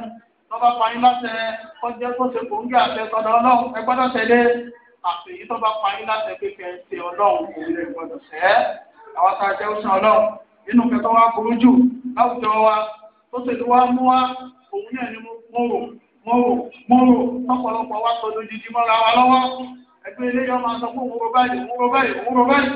lọ́ba pààyàn láṣẹ kọjá kó ṣe kò ń gé àṣẹ sọ́dọ̀ ọlọ́run ẹ gbọ́dọ̀ tẹ̀lé àṣẹ yìí tó bá pààyàn láṣẹ pípẹ́ ṣe ọlọ́run kò lè gbọ́dọ̀ ṣẹ́ àwọn tá a jẹ́ òṣà ọlọ́run nínú wá mú wa ni mo rò mo rò mo rò mọ́ra wa lọ́wọ́ ẹgbẹ́ ilé yọ máa sọ fún òun ro báyìí òun ro báyìí òun ro báyìí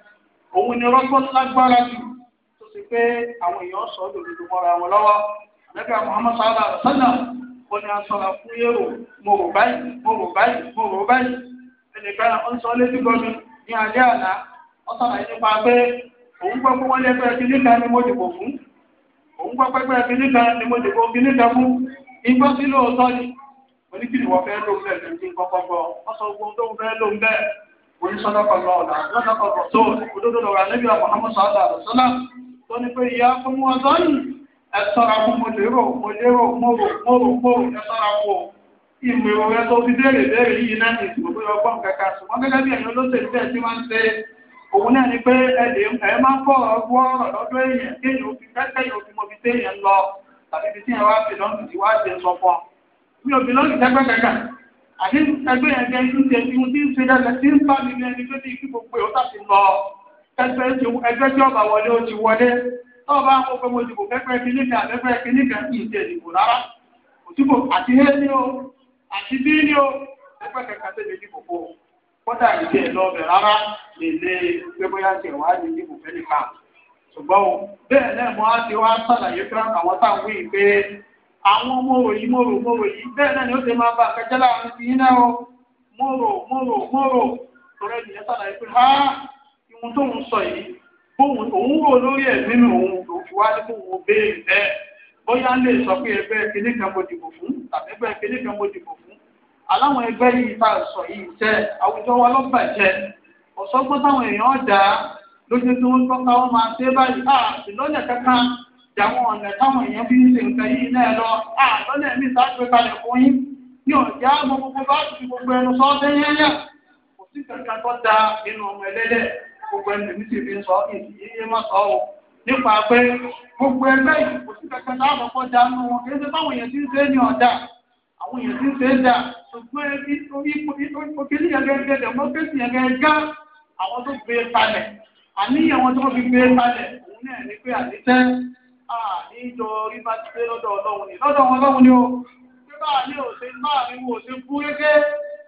òun ni rọ́gbọ́n lágbára jù tó sì pé àwọn èèyàn sọ lòdòdò mọ́ra wọn lọ́wọ́ àlẹ́bí Muhammad sallallahu alaihi wasallam fún mo rò báyìí mo rò báyìí mo rò báyìí ó ń sọ létí ní alẹ́ àná ó sọ̀rọ̀ yìí nípa pé òun gbọ́ pé wọ́n ni mo dìbò fún òun gbọ́ pẹ́pẹ́ ẹbí níta ni mo dìbò ni wọ́n fẹ́ lóun bẹ́ẹ̀ lóun oníṣọ́dọ́kọ̀ lọ́ọ̀dà lọ́dọ́kọ̀ bọ̀ tó òdodo lọ́wọ́ alẹ́bí àwọn Muhammad sallallahu alaihi wasallam tó ní pé ìyá fún wọn sọ́yìn ẹ sọ́ra fún mo lérò mo lérò mo rò mo rò mo rò ẹ sọ́ra fún o ìmọ̀ rẹ tó wọ́n ń ṣe ni pé ẹ máa ń fọ ọgbọ́ ọ̀rọ̀ lọ́dọ̀ èèyàn kéèyàn òfin kẹ́kẹ́ yóò fi mọbi téèyàn lọ tàbí ibi tí ẹ wá fi lọ́nà tí wá àti ẹgbẹ́ ẹgbẹ́ inú ti ẹni tí ń ṣe lẹ́lẹ̀ tí ń bá mi ní ẹni tó ní ikú gbogbo ẹ̀ ó tà sí lọ ẹgbẹ́ ẹgbẹ́ tí ọba wọlé ó ti wọlé tọ́ọ̀bá ń kọ́kọ́ mo dìbò kẹ́kẹ́ kìnnìkan àbẹ́fẹ́ kìnnìkan kì í ṣe ìdìbò rárá òtúbò àti hé ní o àti bí ní o ẹgbẹ́ kẹta tó lè dìbò fún o kọ́dà ìdí lọ́ọ̀bẹ̀ rárá lè lé pé bóyá tiẹ̀ wá ní dìbò fẹ́ nìkan ṣùgbọ́n bẹ́ẹ̀ náà mo á ti wá sàlàyé àwọn mòròyìn mòrò mòròyìn bẹ́ẹ̀ náà ni ó ti máa bá akẹ́jẹ́ láàrin ti yín náà o mòrò mòrò mòrò torí ènìyàn sàlàyé pé ha ìwọ̀n tó ń sọ yìí bóun òun wò lórí ẹ̀ nínú òun ló fi wá ní bóun béèrè bẹ́ẹ̀ bóyá sọ pé ẹgbẹ́ kan mo dìbò fún tàbí ẹgbẹ́ kan mo dìbò fún aláwọn ẹgbẹ́ yìí tá a sọ yìí jẹ́ àwùjọ wa bàjẹ́ ọ̀sọ́gbọ́n táwọn èèyàn jàwọn ọ̀nà táwọn èèyàn bí ń ṣe nǹkan yìí náà lọ àtọ́lẹ̀ mi sáájú kalẹ̀ fún yín ní ọ̀já gbogbo bá ti gbogbo ẹnu sọ ọ́sẹ́ yẹ́yẹ́ kò sí kankan tó da inú ọmọ ẹlẹ́dẹ̀ gbogbo ẹnu mi sì fi sọ èsì yíyé má sọ o nípa pé gbogbo ẹgbẹ́ yìí kò sí kankan tó àkọ́kọ́ da nù wọn kì í ṣe táwọn èèyàn ti ń ṣe ní ọ̀dà àwọn èèyàn ti ń ṣe dà ṣùgbọ́n ẹbí orí òkèlè yẹn gẹ́gẹ́ democracy yẹn gẹ́gẹ́ àwọn tó gbé e nítorí bá ti pé lọ́dọ̀ ọlọ́run ni lọ́dọ̀ wọn ni o pé bá ní òṣè láàrin wo ṣe kú régé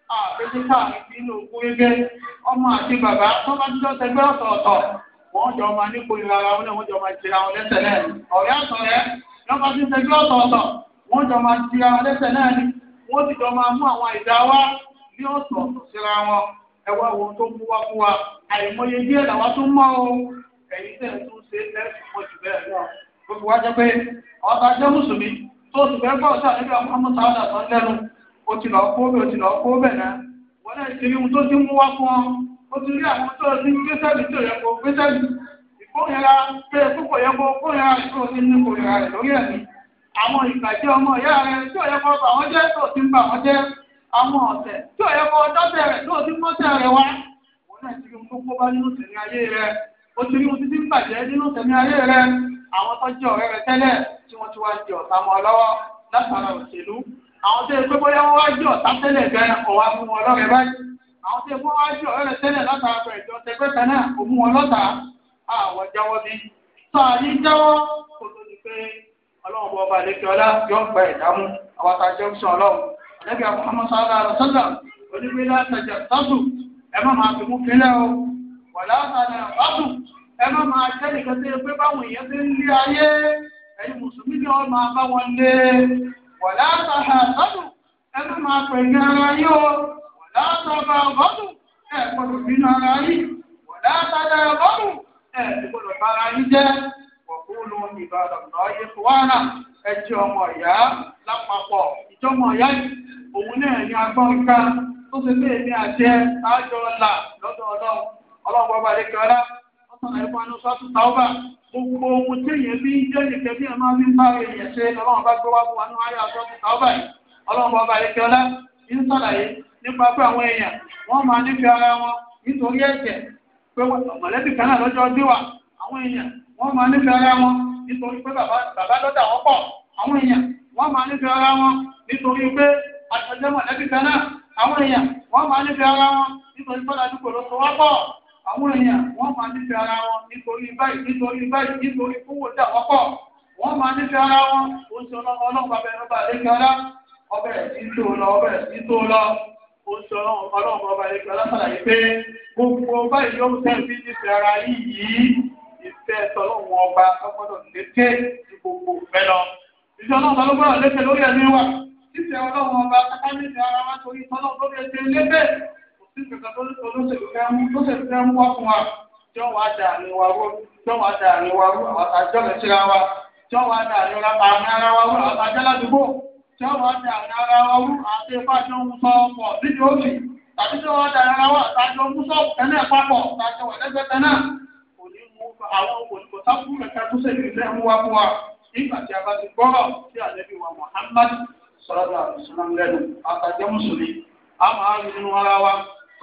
káàrin sí inú kú ọmọ àti bàbá tó bá jíjọ sẹgbẹ́ ọ̀tọ̀ọ̀tọ̀ wọ́n jọ máa ní kó wọn náà wọ́n jọ máa wọn lẹ́sẹ̀ náà ti sẹgbẹ́ wo tó kú wá fún wa àìmọye díẹ̀ tó mọ́ o ó fi pé ọ̀tá jẹ́ mùsùlùmí tó fẹ́ gbọ́ o ti lọ ti lọ fún ọ o ti rí àwọn tó ti gbé sẹ́ẹ̀lì tó yẹ kó gbé sẹ́ẹ̀lì ìkórìíra pé púpọ̀ yẹ kó kórìíra tó ti ní rẹ̀ lórí ẹ̀mí àwọn ìgbàjẹ́ ọmọ ìyá rẹ̀ tí ò yẹ kó jẹ́ tó ti ń bà jẹ́ àwọn tí ò yẹ wá wọ́n tó kó àwọn tó jẹ́ ọ̀rẹ́ rẹ tẹ́lẹ̀ tí wọ́n ti wá di ọ̀tá mọ́ lọ́wọ́ látara òṣèlú àwọn tó yẹ pé bóyá wọ́n wá di ọ̀tá tẹ́lẹ̀ gan ọ̀wá mú wọn lọ́rẹ̀ báyìí àwọn tó yẹ pé wọ́n wá di ọ̀rẹ́ rẹ tẹ́lẹ̀ látara pẹ̀lú ìjọ tẹgbẹ́ kan kò mú wọn lọ́tà àwọn jáwọ́ bí sọ àní jáwọ́ kò tó di pé ọlọ́run bọ́ ọba lẹ́kẹ́ ọlá yọ gba ìdámú àwọn àtàjọ sọ ọlọ́run lẹ́kẹ́ Muhammad sallallahu alaihi wasallam onígbé látàjà sásù ẹ má máa fi mú kílẹ̀ ẹ má máa jẹ́ nìkan tó yẹ pé báwọn èèyàn ti ń lé ayé ẹ̀yin mùsùlùmí ni wọ́n máa bá wọn lé wọ̀lá àtàhà sọ́dún ẹ má máa pẹ̀lú ara yín o wọ̀lá àtàbà ọ̀gọ́dún ẹ gbọ́dọ̀ bínú ara yìí wọ̀lá àtàdà ọ̀gọ́dún ẹ gbọ́dọ̀ bá ara jẹ́ wọ̀kúlù ìbàdàn ọmọ ìyá lápapọ̀ ìyá ẹ̀pánu sọ́tún tàọ́bà gbogbo ohun tí èèyàn bí ń jẹ́ nìkẹ́ bí ń bá ṣe bá wá wa ní ayé àtọ́tún tàọ́bà yìí ọba ń sàlàyé nípa pé àwọn èèyàn wọ́n máa ara wọn nítorí ẹ̀jẹ̀ pé mọ̀lẹ́bí kan náà lọ́jọ́ wa bàbá lọ́dà wọ́n pọ̀ àwọn èèyàn wọ́n máa àwọn èèyàn wọ́n máa nífẹ̀ẹ́ ara wọn nítorí báyìí nítorí báyìí nítorí kówó dà wọ́pọ̀ wọ́n máa ara wọn oṣù ọlọ́pàá bẹ̀rẹ̀ ọba àdékọ́lá ọbẹ̀ ìtò lọ ọbẹ̀ lọ oṣù ọlọ́pàá ọba àdékọ́lá sàlàyé pé gbogbo báyìí yóò tẹ̀ sí ara yìí ìfẹ́ ọba ọgbọ́dọ̀ lékè ju gbogbo lọ ọba ló sí ìgbà tó lóṣèlú fẹ́ mú lóṣèlú fẹ́ mú wá fún wa jọ́ wàá dà ní wa ró jọ́ wàá dà ní wa ró àwọn àjọ rẹ̀ síra wa jọ́ wàá dà ní ra àmì ara wa ró àwọn àjọ ládùúgbò jọ́ wàá dà ní ara wa ró àti ipá jọ ń sọ ọmọ nídìí òbí tàbí jọ́ wàá dà ní ara wa àtàjọ tó ṣèlú ilé mú wa fún wa nígbà tí a bá ti gbọ́rọ̀ sí àlẹ́bí wa Muhammad sọ́dọ̀ àbùsùlám lẹ́nu àtàjọ mùsùlùmí a máa ń rinú ara wa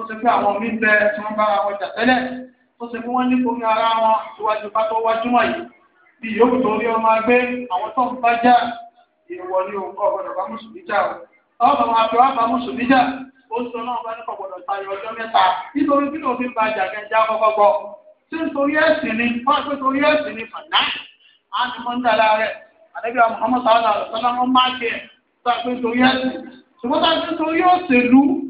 tó ṣe pé àwọn mí bẹ tí wọ́n bára wọn jà tẹ́lẹ̀ tó ṣe pé wọ́n ní kómi ara wọn ìwájú bá tó wájú wọn yìí bí yòókù tó rí ọmọ agbé àwọn tó ń bá jà ìwọ ní òǹkọ ọgbọdọ bá mùsùlùmí jà o ọgbà wọn àti wọn bá mùsùlùmí jà ó sọ náà bá ní kọgbọdọ tayọ ọjọ́ mẹ́ta nítorí kí ló fi ń ba jà gẹjà kọkọkọ tí nítorí ẹ̀sìn ni wọn àti nítorí ẹ̀sìn ni fàná á ti mọ ń láàrẹ àdébí àwọn ọmọ sáwọn àlọ sọlá wọn má jẹ sọ àpé nítorí ẹ̀sìn ṣùgbọ́n tá a ti nítorí òṣèlú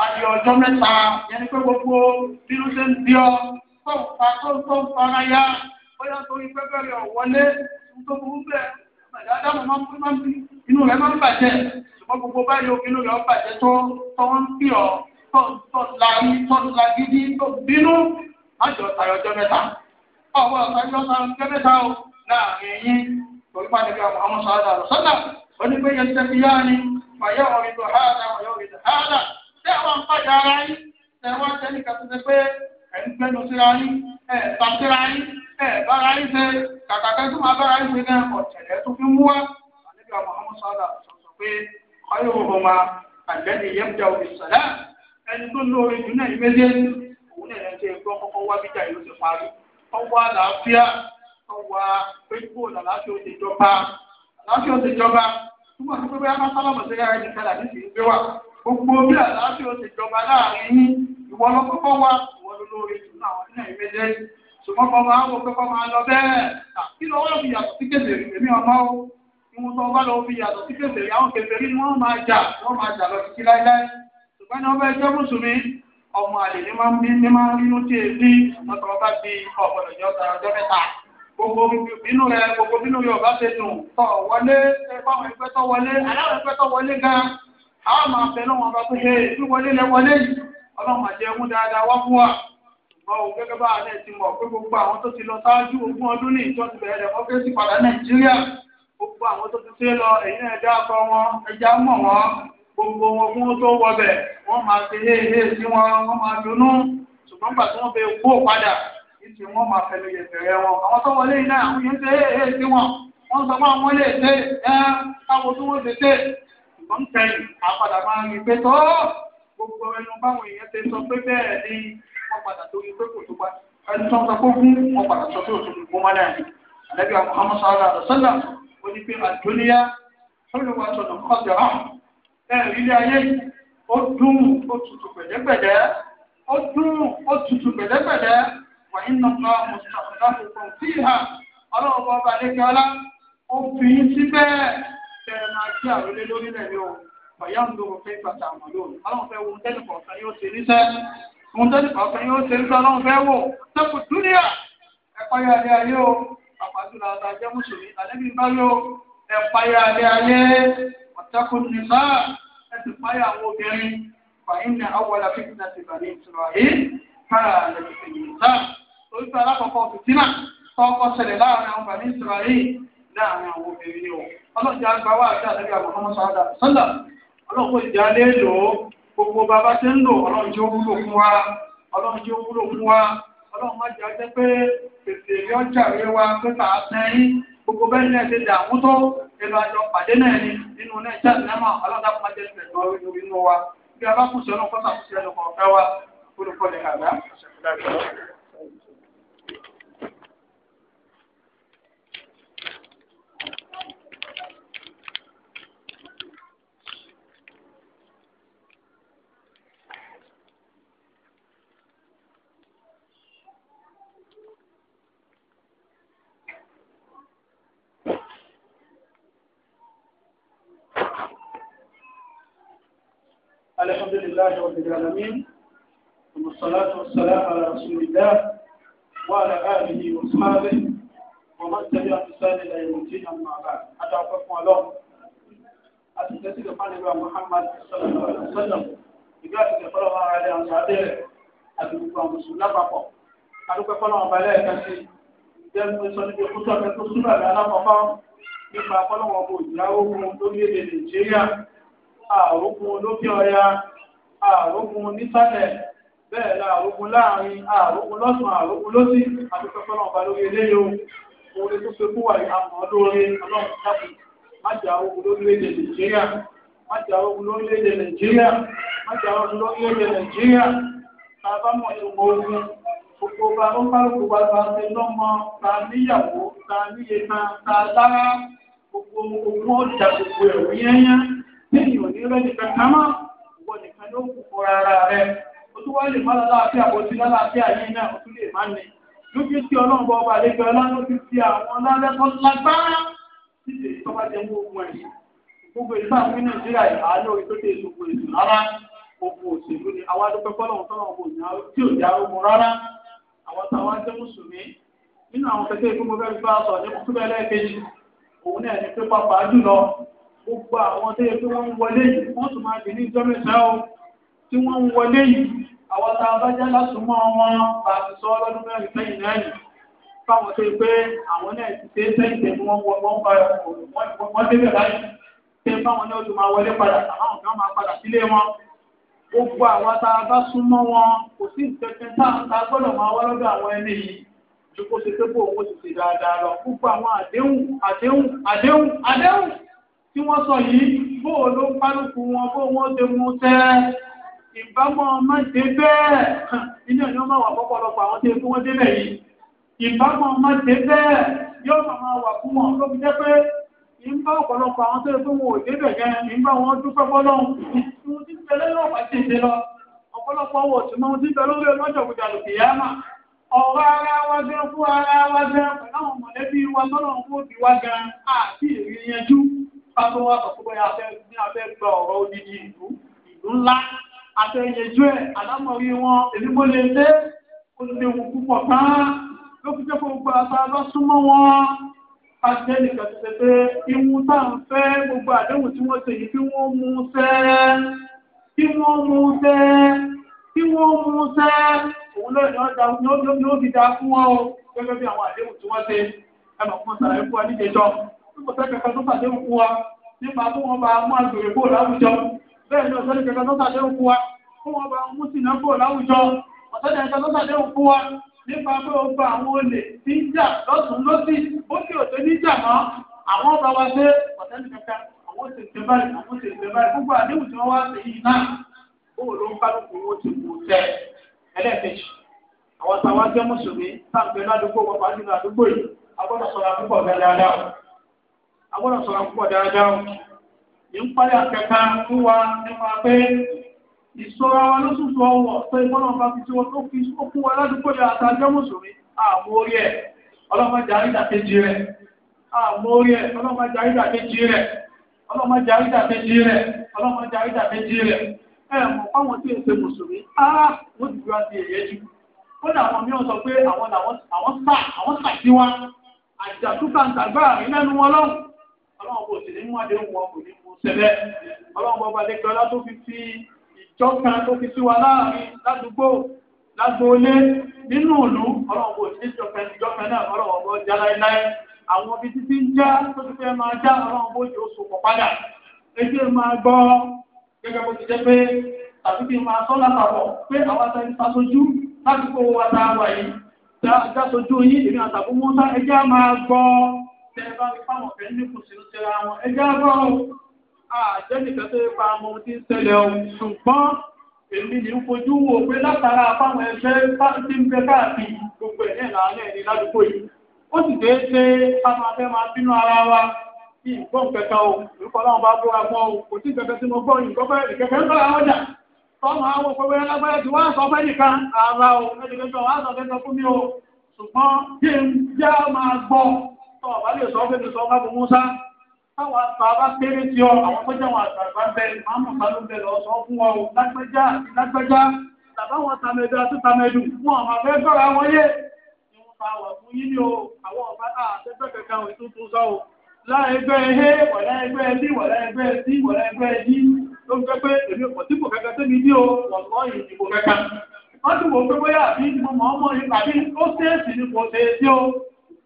tàbí ọjọ́ mẹ́ta yẹn pé gbogbo bínú ṣe ń bí ọ tó ń fa tó ń tó ń fara ya bóyá torí pé bẹ́ẹ̀rẹ̀ ọ̀wọ́lé tó burú bẹ́ẹ̀ àdáàmú máa ń pín máa ń bí inú rẹ̀ máa ń bàjẹ́ ṣùgbọ́n gbogbo báyìí inú rẹ̀ ń bàjẹ́ tó tó ń bí ọ tó tó láàrín tó lágídí tó bínú láti ọ̀sà ọjọ́ mẹ́ta ọ̀wọ́ ọ̀sà ọjọ́ mẹ́ta o láàrín yín torí pàdé tó háàdà wàyẹ̀ tẹ́ ẹ̀ wá ń pàdé ara yín ẹ̀ wá tẹ́lí kàtó ṣe pé ẹ̀ ń gbẹ́nu síra yín ẹ̀ bá síra yín ẹ̀ bára yín ṣe kàkàkẹ́ tó máa bára yín ṣe náà ọ̀tẹ̀lẹ̀ tó fi mú wá àlejò àmọ́hámọ́ sọ́dà sọ pé ọyọ́ òhun máa àlẹ́ni yẹ́mdà òbí sọ̀dá ẹni tó lóore jù náà ìmẹ́lẹ́ òun náà ẹ̀ ń ṣe gbọ́ kọ́kọ́ wá bíjà yóò ti parí ọwọ́ àlàáfíà ọwọ́ péjúbò làlàáfíà òde ìjọba làlàáfíà òde ìjọba túmọ̀ sí pé bóyá bá sábà mọ̀ sí gbogbo bí àlàáfíà ó ti jọba láàrin yín ìwọ ló kọ́kọ́ wá ìwọ ló lóore jù náà àwọn ilé ìmẹ́lẹ́ ṣùgbọ́n kọ́ máa wọ pé kọ́ máa lọ bẹ́ẹ̀ kí ló wọ́n fi yàtọ̀ sí kèfèrí èmi ọmọ o ìwọ̀n tó bá lọ fi yàtọ̀ sí kèfèrí àwọn kèfèrí ni wọ́n máa jà wọ́n máa jà lọ sí kí láíláí ṣùgbọ́n ní ọba ẹjọ́ mùsùlùmí ọmọ àlè ní máa ń bí ní máa ń rí lóṣè bí ọkọ̀ bá bí ọ̀pọ̀lọ̀ jọ tara ọjọ́ mẹ́ta gbogbo bínú rẹ gbogbo bínú Yorùbá ṣe dùn tọ̀ wọlé ẹ a máa fẹ́ lọ́wọ́ ọba pé ṣe ètò wọlé lẹ́wọlé yìí ọlọ́run àti ẹkún dáadáa wá fún wa ṣùgbọ́n òun gẹ́gẹ́ bá alẹ́ ti mọ̀ pé gbogbo àwọn tó ti lọ sáájú ogún ọdún ní ìjọ ti bẹ̀rẹ̀ democracy padà nàìjíríà gbogbo àwọn tó ti ṣe lọ ẹ̀yìn ẹ̀dá akọ wọn ẹja mọ̀ wọn gbogbo wọn fún tó wọbẹ̀ wọ́n máa ṣe sí wọn wọ́n máa dunú ṣùgbọ́n gbà tí wọ́n kó padà wọn máa fẹnu wọn àwọn tó wọlé yìí náà àwọn wọn wọ́n sọ fún àwọn ilé ìṣe ẹ́ káwọn tó wọ́n ṣe ṣe kọ́ńtẹ́lì àpadà máa ń rí pé tó gbogbo ẹnu báwọn èèyàn ṣe sọ pé bẹ́ẹ̀ ni wọ́n padà tó rí pé kò tó bá ẹni tó ń sọ pé fún wọn padà sọ pé òtún gbogbo máa dàní. àlẹ́bí àwọn ọmọ sọ́ọ́lá àdọ́sọ́lá ó ní pé àdúnyá olùwàsàn ọ̀dọ̀ ẹ̀rí ilé ayé ó dùn ó tutù pẹ̀lẹ́pẹ̀lẹ́ ó dùn ó tutù pẹ̀lẹ́pẹ̀lẹ́ wà nínú ọmọ mùsùlùmí tẹ ẹ máa jí àròlé lórílẹ̀ ni o bàyá ń lòrò fẹ́ ìgbàjà àmọ́ lónìí ọlọ́run fẹ́ wo ohun tẹ́lẹ̀ kọ̀ọ̀kan yóò ṣe níṣẹ́ ohun tẹ́lẹ̀ kọ̀ọ̀kan yóò ṣe níṣẹ́ ọlọ́run fẹ́ wò sẹ́kù dúníà ẹ̀páyà alẹ́ ayé o àpàdúrà àtàjẹ́ mùsùlùmí àlẹ́bí ń bá yó ẹ̀páyà alẹ́ ayé ọ̀tẹ́kùn nìbá ẹ̀sìn páyà àwọn obìnrin fàyínà awọ́lá fìtínà ti bàlẹ́ ìtura yìí láàrin àwọn obìnrin o ọlọ́jà àgbà wà àti àtẹ́bí àwọn ọmọ sọ́dà sọ́dà ọlọ́kọ̀ ìjà lé lò ó gbogbo bàbá ti ń lò ọlọ́run jẹ́ wúlò fún wa ọlọ́run wúlò fún wa ọlọ́run jẹ́ ajẹ́ pé tètè rí ọjà rí wa pé tàá sẹ́yìn gbogbo bẹ́ẹ̀ ní ẹ̀sẹ̀ dààmú tó ẹnu àjọ pàdé náà ni nínú náà ìjà ìnáwó ọlọ́dà kọ́ máa jẹ́ ìfẹ̀ tó inú wa bí a bá kù sí ọlọ́run kọ́sà kù sí ẹnu kọ̀ọ̀fẹ́ wa لله رب العالمين ثم الصلاة والسلام على رسول الله وعلى آله وأصحابه ومن تبع بسان إلى يوم الدين أما بعد أدعوكم الله أتتسل قال محمد صلى الله عليه وسلم ìgbàsíkè fọlọ́wọ́ ara rẹ̀ ọ̀sán abẹ́rẹ́ àti gbogbo àwọn mùsùlùmí lápapọ̀ adúpẹ́ fọlọ́wọ́ balẹ̀ ẹ̀ka sí jẹ́ pé sọ níbi kútọ́ pé kó súnmọ́ àgbà alákọ̀ọ́kọ́ nípa fọlọ́wọ́ bò ìyáwó ogun lórí èdè nàìjíríà àrùkún olókè ọ̀yà àrógun nísàlẹ̀ bẹ́ẹ̀ la àrógun láàrin àrógun lọ́sùn àrógun lọ́sì àtúntọ́tọ́ náà bá lórí eléyìí o oore tó fi kú wà ní àmọ́ lóore ọlọ́run sábì má jẹ́ àrógun lórílẹ̀-èdè nàìjíríà má jẹ́ àrógun lórílẹ̀-èdè nàìjíríà má jẹ́ àrógun lórílẹ̀-èdè nàìjíríà tá a bá mọ̀ ìmọ̀ ogun gbogbo ọba ó kálukú wa ta ṣe lọ́mọ ta níyàwó ta níye ta ta lára gbogbo ogun ọjà gbogbo ẹ̀rù yẹ́nyẹ́ lẹ́yìn òní rẹ́ni kankan máa ló ń kókó rárá rẹ o tún wá lè má lálàáfíà bó ti lálàáfíà yìí náà o tún lè má ní lójú tí ọlọ́run ọba àlejò ọlá ló fi fi àwọn lálẹ́kọ́ lágbára títí ìtọ́ba jẹ́ mú ogun ẹ̀yìn gbogbo ìlú àwọn ní nàìjíríà yìí àánú orí tó dé gbogbo ètò rárá gbogbo òṣèlú ni àwọn adúpẹ́ fọlọ́run tọ́lọ́run kò ní tí ò já ogun rárá àwọn táwọn jẹ́ mùsùlùmí nínú àwọn kẹ̀kẹ́ ìfún mo fẹ́ẹ́ bá sọ ní kúkúbẹ́ lẹ́ẹ̀kejì òun náà ní pé pàápàá jùlọ gbogbo àwọn tó yẹ kí wọ́n ń wọlé yìí wọ́n tún máa dì ní ìjọ mẹ́ta tí wọ́n ń wọlé yìí àwọn tá a bá já lásùmọ́ wọn bá ti sọ lọ́dún mẹ́rin sẹ́yìn náà yìí fáwọn tó pé àwọn náà ti ṣe é sẹ́yìn tẹ̀ wọ́n wọ wọ́n pa wọ́n débẹ̀ láyé tẹ̀ fáwọn náà tó máa wọlé padà àwọn kan máa padà sílé wọn gbogbo àwọn tá a bá súnmọ́ wọn kò sí ìtẹ̀tẹ̀ tá a gbọ́dọ̀ máa wá lọ́dọ̀ àwọn ẹni yìí ju kó ṣe pépò owó ti ṣe dáadáa lọ gbogbo àwọn àdéhùn àdéhùn àdéhùn àdéhùn tí wọ́n sọ yìí bóò ló ń pálukú wọn bóò wọ́n ṣe mú tẹ́ẹ́ ìbámọ́ ọmọ ṣe bẹ́ẹ̀ inú ẹ̀yọ́ máa wà pọ́pọ̀lọpọ̀ àwọn tí wọ́n débẹ̀ yìí ìbámọ́ ọmọ ṣe bẹ́ẹ̀ yóò máa wà fún wọn ló fi jẹ́ pé ìbá ọ̀pọ̀lọpọ̀ àwọn tó tó wò débẹ̀ yẹn ìbá wọn dúpẹ́ bọ́lọ́hùn ìtún tí tẹ̀lé náà bá ti ṣe lọ ọ̀pọ̀lọpọ̀ wò tí máa ń títẹ̀ lórí ọlọ́jọ̀ gbọdọ̀ lùkì yá mà ọ̀rọ̀ ara àtẹ̀yẹjú ẹ̀ alámọ̀rí wọn èmi mo lè lé olùdéwọ̀n púpọ̀ tán ló fi jẹ́ kó gbọ́ ata lọ́súnmọ́ wọn àti ẹnìkan ti ṣe pé ìwú tá à ń fẹ́ gbogbo àdéhùn tí wọ́n ṣe yìí kí wọ́n mú sẹ́ kí wọ́n mú sẹ́ kí wọ́n mú sẹ́ òun náà ni ó fi dáa fún wọn o gẹ́gẹ́ bí àwọn àdéhùn tí wọ́n ṣe ẹnì kan ṣàlàyé fún wa níjẹjọ́ nípa sẹ́kẹ̀kẹ́ tó ṣàdéhùn fún wa nípa tó wọn bá mú àgbèrè bò láwùjọ bẹ́ẹ̀ ni ọ̀sẹ́ nìkan tó sàdé òkú wa fún wọn bá mú sí náà bò láwùjọ ọ̀sẹ́ nìkan tó sàdé òkú wa nípa pé ó gba àwọn olè tí ń jà lọ́sùn lọ́sì ó sì òṣè níjà mọ́ àwọn ọba wa dé ọ̀sẹ́ nìkan àwọn òṣè ṣe báyìí àwọn òṣè ṣe báyìí gbogbo àdéhùn tí wọ́n wá sí yìí náà ó ló ń kálukú owó ti kú tẹ ẹlẹ́ẹ̀kejì àwọn táwa jẹ́ mùsùlùmí táǹpẹ́ ládùúgbò wọn pàdé ládùúgbò yìí agbọ́dọ̀ sọ̀rọ̀ àkúkọ̀ dáadáa agbọ́dọ̀ sọ̀rọ̀ àkúkọ̀ dáadáa ìpáyà kẹta fún wa nípa pé ìṣọ́ra wa ló sùsù ọwọ́ tó ìbọn náà bá fi tí wọn tó fi ó fún wa ládùúgbò yà àtàjọ mùsùlùmí àmọ́ orí ẹ̀ ọlọ́mọdé àrídà kejì rẹ̀ àmọ́ orí ẹ̀ ọlọ́mọdé àrídà kejì rẹ̀ ọlọ́mọdé àrídà kejì rẹ̀ ọlọ́mọdé àrídà kejì rẹ̀ ẹ̀ mọ̀ fáwọn tí èsè mùsùlùmí á wọ́n ti gbà ti èyẹ jù ó ní àwọn mìíràn sọ pé àwọn sà àwọn sà sí wa àjà tó ọlọ́run kò sì ní mú àdéhùn wọn kò ní mú ṣẹlẹ̀ ọlọ́run bọba lẹ́kẹ́ ọlá tó fi fi ìjọkan tó fi sí wa láàrin ládùúgbò lágbóolé nínú ìlú ọlọ́run kò sí ìjọkan ìjọkan náà ọlọ́run ọgbọ́n já láéláé àwọn ibi títí ń já tó ti fẹ́ máa já ọlọ́run bó yóò so pọ̀ padà ètò máa gbọ́ gẹ́gẹ́ bó ti jẹ́ pé tàbí kí n máa sọ́ látàbọ̀ pé àwọn àtàrí sàṣojú láti kó wa tá wà yìí dá sojú yín èmi àtàkùn mọ́tà ẹjẹ́ máa gbọ́ tẹ bá rí fáwọn ọ̀fẹ́ nípò sínú tẹra wọn ẹjẹ́ ọgọ́rùn-ún àjẹ́nìkan tó yẹ pa ọmọ ohun tí ń ṣẹlẹ̀ o ṣùgbọ́n èmi ní fojú wo pé látara fáwọn ẹgbẹ́ tí ń bẹ káàkiri gbogbo ẹ̀ náà láàárín ẹni ládùúgbò yìí ó sì dé ṣe fáwọn máa bínú ara wa bí ìgbọ́n kẹta o orúkọ láwọn bá bóra mọ́ o kò sí kẹkẹ tí mo gbọ́ ìgbọ́ bẹ́ẹ̀ kẹkẹ ń bára ọjà tọ́mọ àwọn òpópó yẹn lágbára ti wá sọ o ẹnìkan tó wá o ṣùgbọ́n kí já máa gbọ́ tọ́ ọ̀bá lè sọ fẹ́mi sọ fábù Musa táwọn àgbà péré tí ọ àwọn tó jẹ́wọ̀n àgbàgbà bẹ màmú bá ló bẹ lọ sọ fún ọ lágbájá àti lágbájá tàbáwọn tàmẹ̀dù àti tàmẹ̀dù wọn àwọn abẹ́ sọ̀rọ̀ àwọn yé ìwọ̀n bá wà fún yín ní o àwọn ọ̀bá àtẹ́gbẹ́ kẹta òun tuntun sọ o láẹgbẹ́ ẹhẹ́ wọ̀lá ẹgbẹ́ ẹbí wọ̀lá ẹgbẹ́ ẹbí wọ̀lá ẹgbẹ́ ẹbí ló ń gbẹ́gbẹ́ èmi kò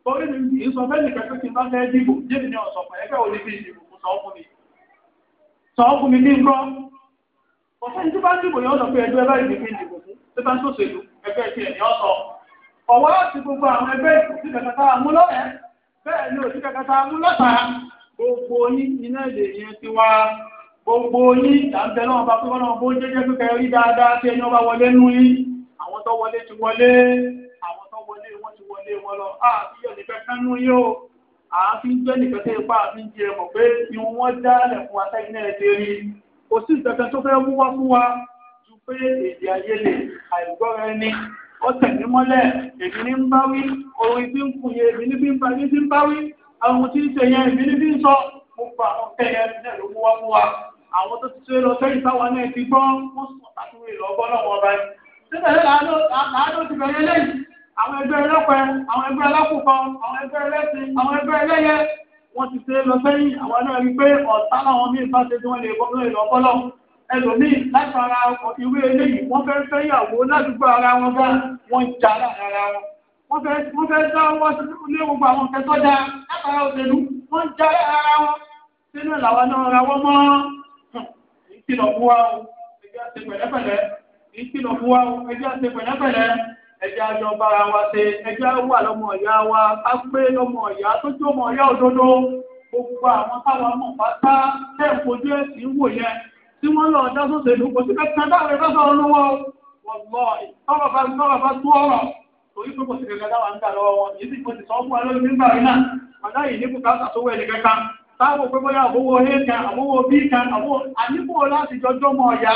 torí mi kì í sọ fẹ́ẹ́ nìkan pé kí n bá fẹ́ dìbò jẹ́bi ní ọ̀sán pẹ̀lú ẹgbẹ́ òní bíi ìdìbò kò sọ fún mi sọ fún mi ní gbọ́ ọ̀sẹ̀ tí bá dìbò yẹn ọ̀sán pé ẹgbẹ́ ẹ bá ìdìbò ìdìbò fún tó bá ń sòṣèlú ẹgbẹ́ ti ẹ̀yìn ọ̀sán ọ̀wọ́ láti gbogbo àwọn ẹgbẹ́ ìkùsí kẹkẹta ni òsí kẹkẹta àmúlọ́ta gbogbo yín iná èdè yẹn ti wá gbogbo yín ìdàbẹ̀ náà bá pẹ́ náà bó jẹ́jẹ́ pípẹ́ rí dáadáa tí ẹni ọba wọlé nú yín àwọn tó wọlé ti wọlé àwọn tó wọlé wọn lé wọn lọ a ti yọ nìkan kánú yín o a fi ń jẹ́ nìkan tẹ́ ipá fi ń jẹ mọ̀ pé ni wọ́n dálẹ̀ fún wa sẹ́yìn náà ti rí kò sí ìtẹ̀kẹ́ tó fẹ́ mú wá fún wa ju pé èdè àìyedè àìgbọ́ra ẹni ọ̀tẹ̀ ní mọ́lẹ̀ èmi ní ń bá wí orin tí ń kù yẹ èmi ní bí ń bá ní tí ń bá wí àwọn ohun tí ń ṣe yẹn èmi ní bí ń sọ mo gba àwọn kẹyẹ náà ló mú wá fún wa àwọn tó ti ṣe lọ sẹ́yìn táwa náà ti gbọ́ wọ́n sùn àtúnwé lọ́gbọ́n náà wọ́n báyìí àwọn ẹgbẹ́ ẹlẹ́pẹ́ àwọn ẹgbẹ́ ẹlẹ́kùnkọ àwọn ẹgbẹ́ ẹlẹ́sìn àwọn ẹgbẹ́ ẹlẹ́yẹ wọ́n ti ṣe lọ sẹ́yìn àwọn náà rí pé ọ̀tá làwọn míì bá ṣe tí wọ́n lè bọ́ lórí lọ́pọ́lọ́ ẹlòmíì láti ara ìwé eléyìí wọ́n fẹ́ fẹ́yàwó ládùúgbò ara wọn bá wọn jà láàrin ara wọn wọ́n fẹ́ dá wọ́n lé gbogbo àwọn nǹkan tó dáa látara òṣèlú wọ́n jà ara wọn sínú ìlàwọ́ náà ra wọ́n mọ́ ìkìlọ̀ fún wa o ẹjọ́ àti pẹ̀lẹ́pẹ̀lẹ́ ìkìlọ̀ fún wa o ẹjọ́ àti pẹ̀lẹ́pẹ̀lẹ́ ẹjẹ́ àjọ bára wa ṣe ẹjẹ́ wà lọ́mọ ìyá wa ká gbé lọ́mọ ìyá tó jó ọmọ ìyá òdodo gbogbo àwọn táwọn ọmọ pátá tẹ̀ ń fojú ẹ̀sìn wò yẹn tí wọ́n lọ ọjọ́ tó ṣèlú kò sí kẹ́kẹ́ dáre lọ́sọ̀ olówó wọ̀lọ́ tọ́rọ̀ bá tọ́rọ̀ bá tú ọ̀rọ̀ torí pé kò sí kẹ́kẹ́ dáwà ń gbà lọ́wọ́ wọn yìí sì kò sì sọ fún wa lórí nígbà rí náà ọ̀dá a kan àwòwò b kan àwòwò àníkù láti jọjọ́ mọ̀ ọ̀yá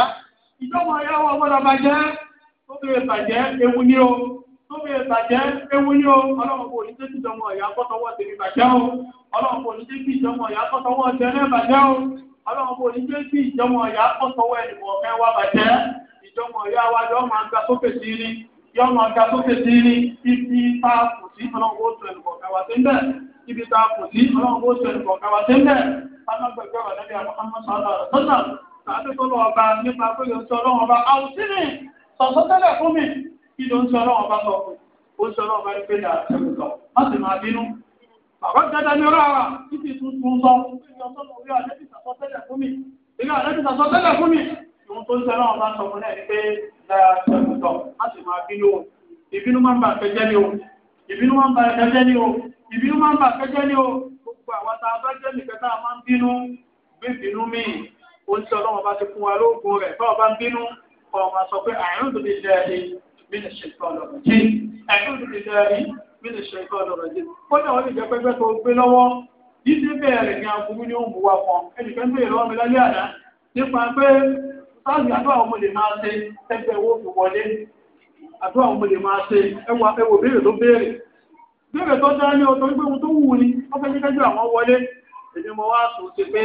tó bèèrè bàjẹ́ ewu ní o tó bèèrè bàjẹ́ ewu ní o ọlọ́run kò ní tẹ́tí ìjọmọ ọ̀yà kọ́tọ́wọ́ tèmi bàjẹ́ o ọlọ́run kò ní tẹ́tí ìjọmọ ọ̀yà kọ́tọ́wọ́ tẹ́lẹ̀ bàjẹ́ o ọlọ́run kò ní tẹ́tí ìjọmọ ọ̀yà kọ́tọ́wọ́ ẹnìmọ̀ ọ̀fẹ́ wa bàjẹ́ ìjọmọ ọ̀yà wa yọ máa ga sókè sí ni yọ máa ga sókè sí ni ibi tá a kù sí ọlọ́run kò tó ẹnìmọ̀ ọ̀fẹ́ wa sí ń bẹ̀ ibi tá a kù sí ọlọ́run kò tó ẹnìmọ̀ ọ̀fẹ́ ń bẹ̀ alágbègbè ọ̀nà àwọn ọmọ sọ̀rọ̀ sọ́nà tàbí tó lọ́ọ̀ba nípa pé yóò sọ̀sọ́tẹ́lẹ̀ fún mi kí ló ń sọ ọlọ́run bá sọ fún ó ń sọ ọlọ́run bá rí pé dà ẹ̀kú sọ má sì máa bínú bàbá dada ní ọlọ́run wa títí tún tún sọ ìrìn àlẹ́ ti sọ̀sọ́tẹ́lẹ̀ fún mi ìrìn àlẹ́ ti sọ̀sọ́tẹ́lẹ̀ fún mi ìwọ̀n tó ń sọ ọlọ́run bá sọ fún ẹ̀ ni pé dà ẹ̀kú sọ má sì máa bínú o ìbínú máa ń ba àpẹjẹ ni o ìbínú máa ń ba àpẹjẹ ni o ìbínú máa ń ba àpẹjẹ ni o gbogbo àwọn tá a bá tá a máa ń bínú bí bínú míì ó ń sọ ọlọ́run bá ti fún wa lóògùn rẹ̀ tó o bá ń bínú kọ̀ọ̀kan sọ pé àìrùndùn lè lẹ́ ẹ̀ mí lè ṣe ìtọ́lọ̀ rẹ̀ jí àìrùndùn lè lẹ́ ẹ̀ mí lè ṣe ìtọ́lọ̀ rẹ̀ jí kódà wọ́n lè jẹ́ pẹ́pẹ́ tó gbé lọ́wọ́ yíṣẹ́ bẹ́ẹ̀ rẹ̀ ní aburú ni ó ń buwa fún ẹnìkan ń bèèrè lọ́wọ́ mi lálẹ́ àná nípa pé sáàsì àdúrà ọmọ lè máa ṣe ẹgbẹ́ owó fi wọlé àdúrà ọmọ lè máa ṣe ẹwà ẹwò béèrè tó béèrè béèrè tó dá ní ọ̀tọ̀ gbé ohun tó wù ní wọ́n fẹ́ àwọn wọlé èmi mo wá sùn ṣe pé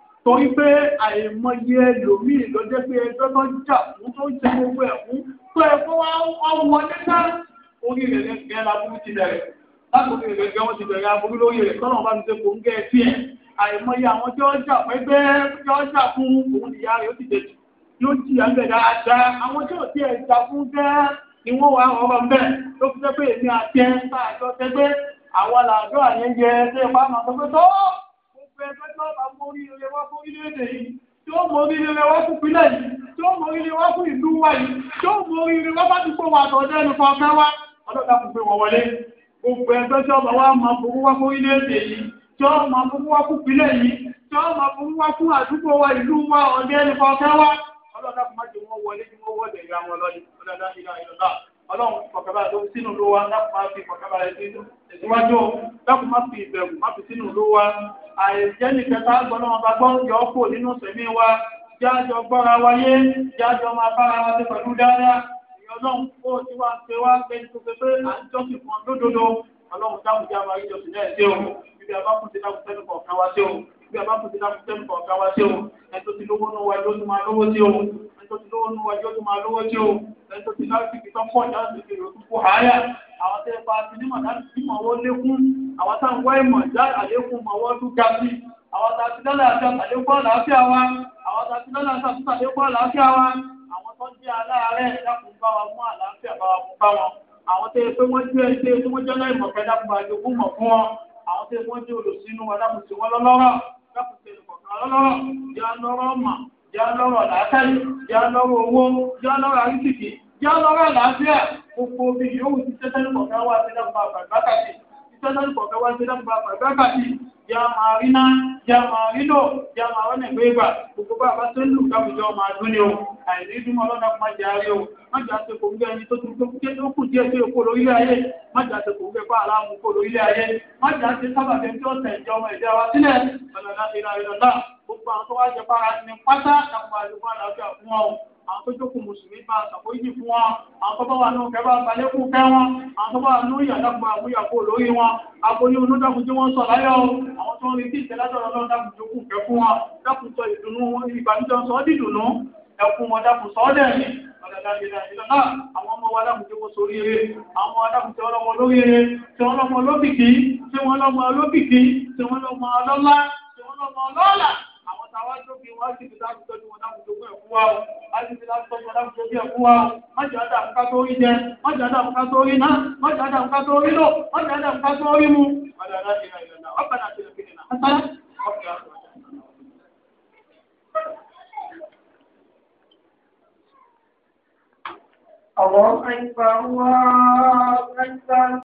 torí pé àìmọye ẹlòmíì ló pé ẹjọ́ tó jà fún tó ń ṣe gbogbo ẹ̀ tó ẹ fún ọmọ nígbà orí rẹ̀ lẹ́gbẹ̀ẹ́ laburú ti bẹ̀rẹ̀ látòkè rẹ̀ lẹ́gbẹ̀ẹ́ wọ́n ti bẹ̀rẹ̀ aburú lórí rẹ̀ tọ́nà bá mi ṣe kò ń gẹ́ ẹ tiẹ̀ àìmọye àwọn tí wọ́n jà pẹ́pẹ́ tí wọ́n jà fún òun nìyá rẹ̀ ó ti dẹ̀jù yóò jìyà ń bẹ̀ àwọn tí ò tiẹ̀ jà fún gẹ́ẹ́ ni wọ́n wá ọba ń bẹ̀ ló fi jẹ́ pé èmi àti ẹ̀ ń ta àjọ tẹgbẹ́ àwọn làjọ àyẹ̀yẹ tẹ́ ẹ gbogbo ẹgbẹ́ tí wọ́n bá mú oríire wá fún orílẹ̀-èdè yìí tí ó mú oríire wá fún ìpínlẹ̀ yìí tí ó mú oríire wá fún ìlú wa yìí tí ó mú oríire wá bá ti kó wa tọ̀dọ̀ ẹnu kan fẹ́ wá ọlọ́dà kò gbé wọn wọlé gbogbo ẹgbẹ́ tí wọ́n bá wá máa fowó wá fún orílẹ̀-èdè yìí tí wọ́n máa fowó wá fún ìpínlẹ̀ yìí tí wọ́n máa fowó wá fún àdúgbò wa ìlú wa ọ̀dẹ́ ẹnu kan fẹ́ wá ọlọ́dà kò má jẹ wọn wọlé ní wọ́n wọlé ìyá wọn lọ́dẹ ọlọ́dà ìlà ìlọ́dà ọlọ́run kọ̀kẹ́bà tó sínú ló wa láti máa fi kọ̀kẹ́bà rẹ̀ síwájú láti máa fi ìbẹ̀rù má fi sínú ló wa àìjẹ́ nìkẹta gbọ́nà ọba gbọ́n yọ ọ́ kò nínú sẹ̀mí wa jájọ gbọ́ra wáyé jájọ máa bára wa ti pẹ̀lú dáadáa ìyẹn ọlọ́run kó o ti wá ń pe wá pé tó pé pé à ń jọ́sìn fún ọ lódodo ọlọ́run dáhùn jáma ìjọsìn náà ṣe o ibi àbákùn ti dáhùn sẹ́nu kọ̀ọ̀kan wá ṣe o bí a bá tún ti dá fún tẹ́lifọ̀ ọ̀gá wa sí o ẹni ti lówó nù wa yóò máa lówó sí o ẹni ti lówó nù wa yóò máa lówó sí o ẹni tó ti lásìkò tó pọ̀ lásìkò yóò tún kó háyà àwọn tẹ́ bá ti ní màdá ti mọ̀ wọ́n lékún àwọn tá à ń wá ìmọ̀ já àlékún mọ̀ wọ́n tún ga sí àwọn tá a ti lọ́la àti àlékún àlàáfíà wa àwọn tá a ti lọ́la àti àlékún àlàáfíà wa àwọn tó ń jẹ́ aláàárẹ̀ dákun bá wa mú àlàáfíà bá wa mú bá wọn àwọn tẹ́ ẹ pé wọ́n jẹ́ ẹ tí wọ́n jẹ́ láìmọ̀kẹ́ dákun bá a jogún mọ̀ fún wọn àwọn tẹ́ ẹ pé wọ́n jẹ́ olùsínú wa dákun sí wọn lọ́lọ́rọ̀ dákùnfẹ́ ìkọ̀kan ọlọ́rọ̀ yá lọ́rọ̀ mà yá lọ́rọ̀ làákàyè yá lọ́rọ̀ owó yá lọ́rọ̀ àrísìkì yá lọ́rọ̀ àlàáfíà gbogbo obìnrin yòówù ti tẹ́tẹ́ nípọ̀ káwá sí dákùnfẹ́ àgbàgbà kàkì tọ́lá ní kọ̀ọ̀kan wá sí dákùnbà bàbá bí ya máa rí náà ya máa rí lò ya máa wọ́n ẹ̀gbẹ́ ìgbà gbogbo bá bá tó ń lù káwùjọ máa dún ni o àìní dúmọ́ lọ́nà kó má jẹ́ àárẹ̀ o má jẹ́ àtẹ̀kọ̀ ń gbé ẹni tó tún tó kúkẹ́ tó kù díẹ̀ tó yẹ kó lórí ayé má jẹ́ àtẹ̀kọ̀ ń gbé fún aláàmú kó lórí ayé má jẹ́ àti sábà fẹ́ tí ó tẹ̀ jọ ọmọ ẹ̀dá àwọn tó wá àwọn tó jókòó mùsùlùmí bá ṣàforíjì fún wọn àwọn tó bá wà nínú kẹfà balẹ̀kùn fẹ́ wọn àwọn tó bá wà nínú ìyàdàgbà àmúyàkó lórí wọn aboyún onídàkùn tí wọ́n sọ láyọ̀ o àwọn tó ń retí ìtẹ́lájọ́ lọ́dọ̀ dákùn jókòó fẹ́ fún wọn dákùn sọ ìdùnnú wọn ìbànújẹ́ sọ ọ́ dìdùnnú ẹkùn wọn dákùn sọ ọ́ dẹ̀ ní àwọn ọmọ wa dákùn tí sórí eré àwọn adákùn tí wọ́n lọ́mọ lórí tí wọ́n lọ́mọ olókìkí tí wọ́n lọ́mọ ọlọ́lá wá jókè wọn á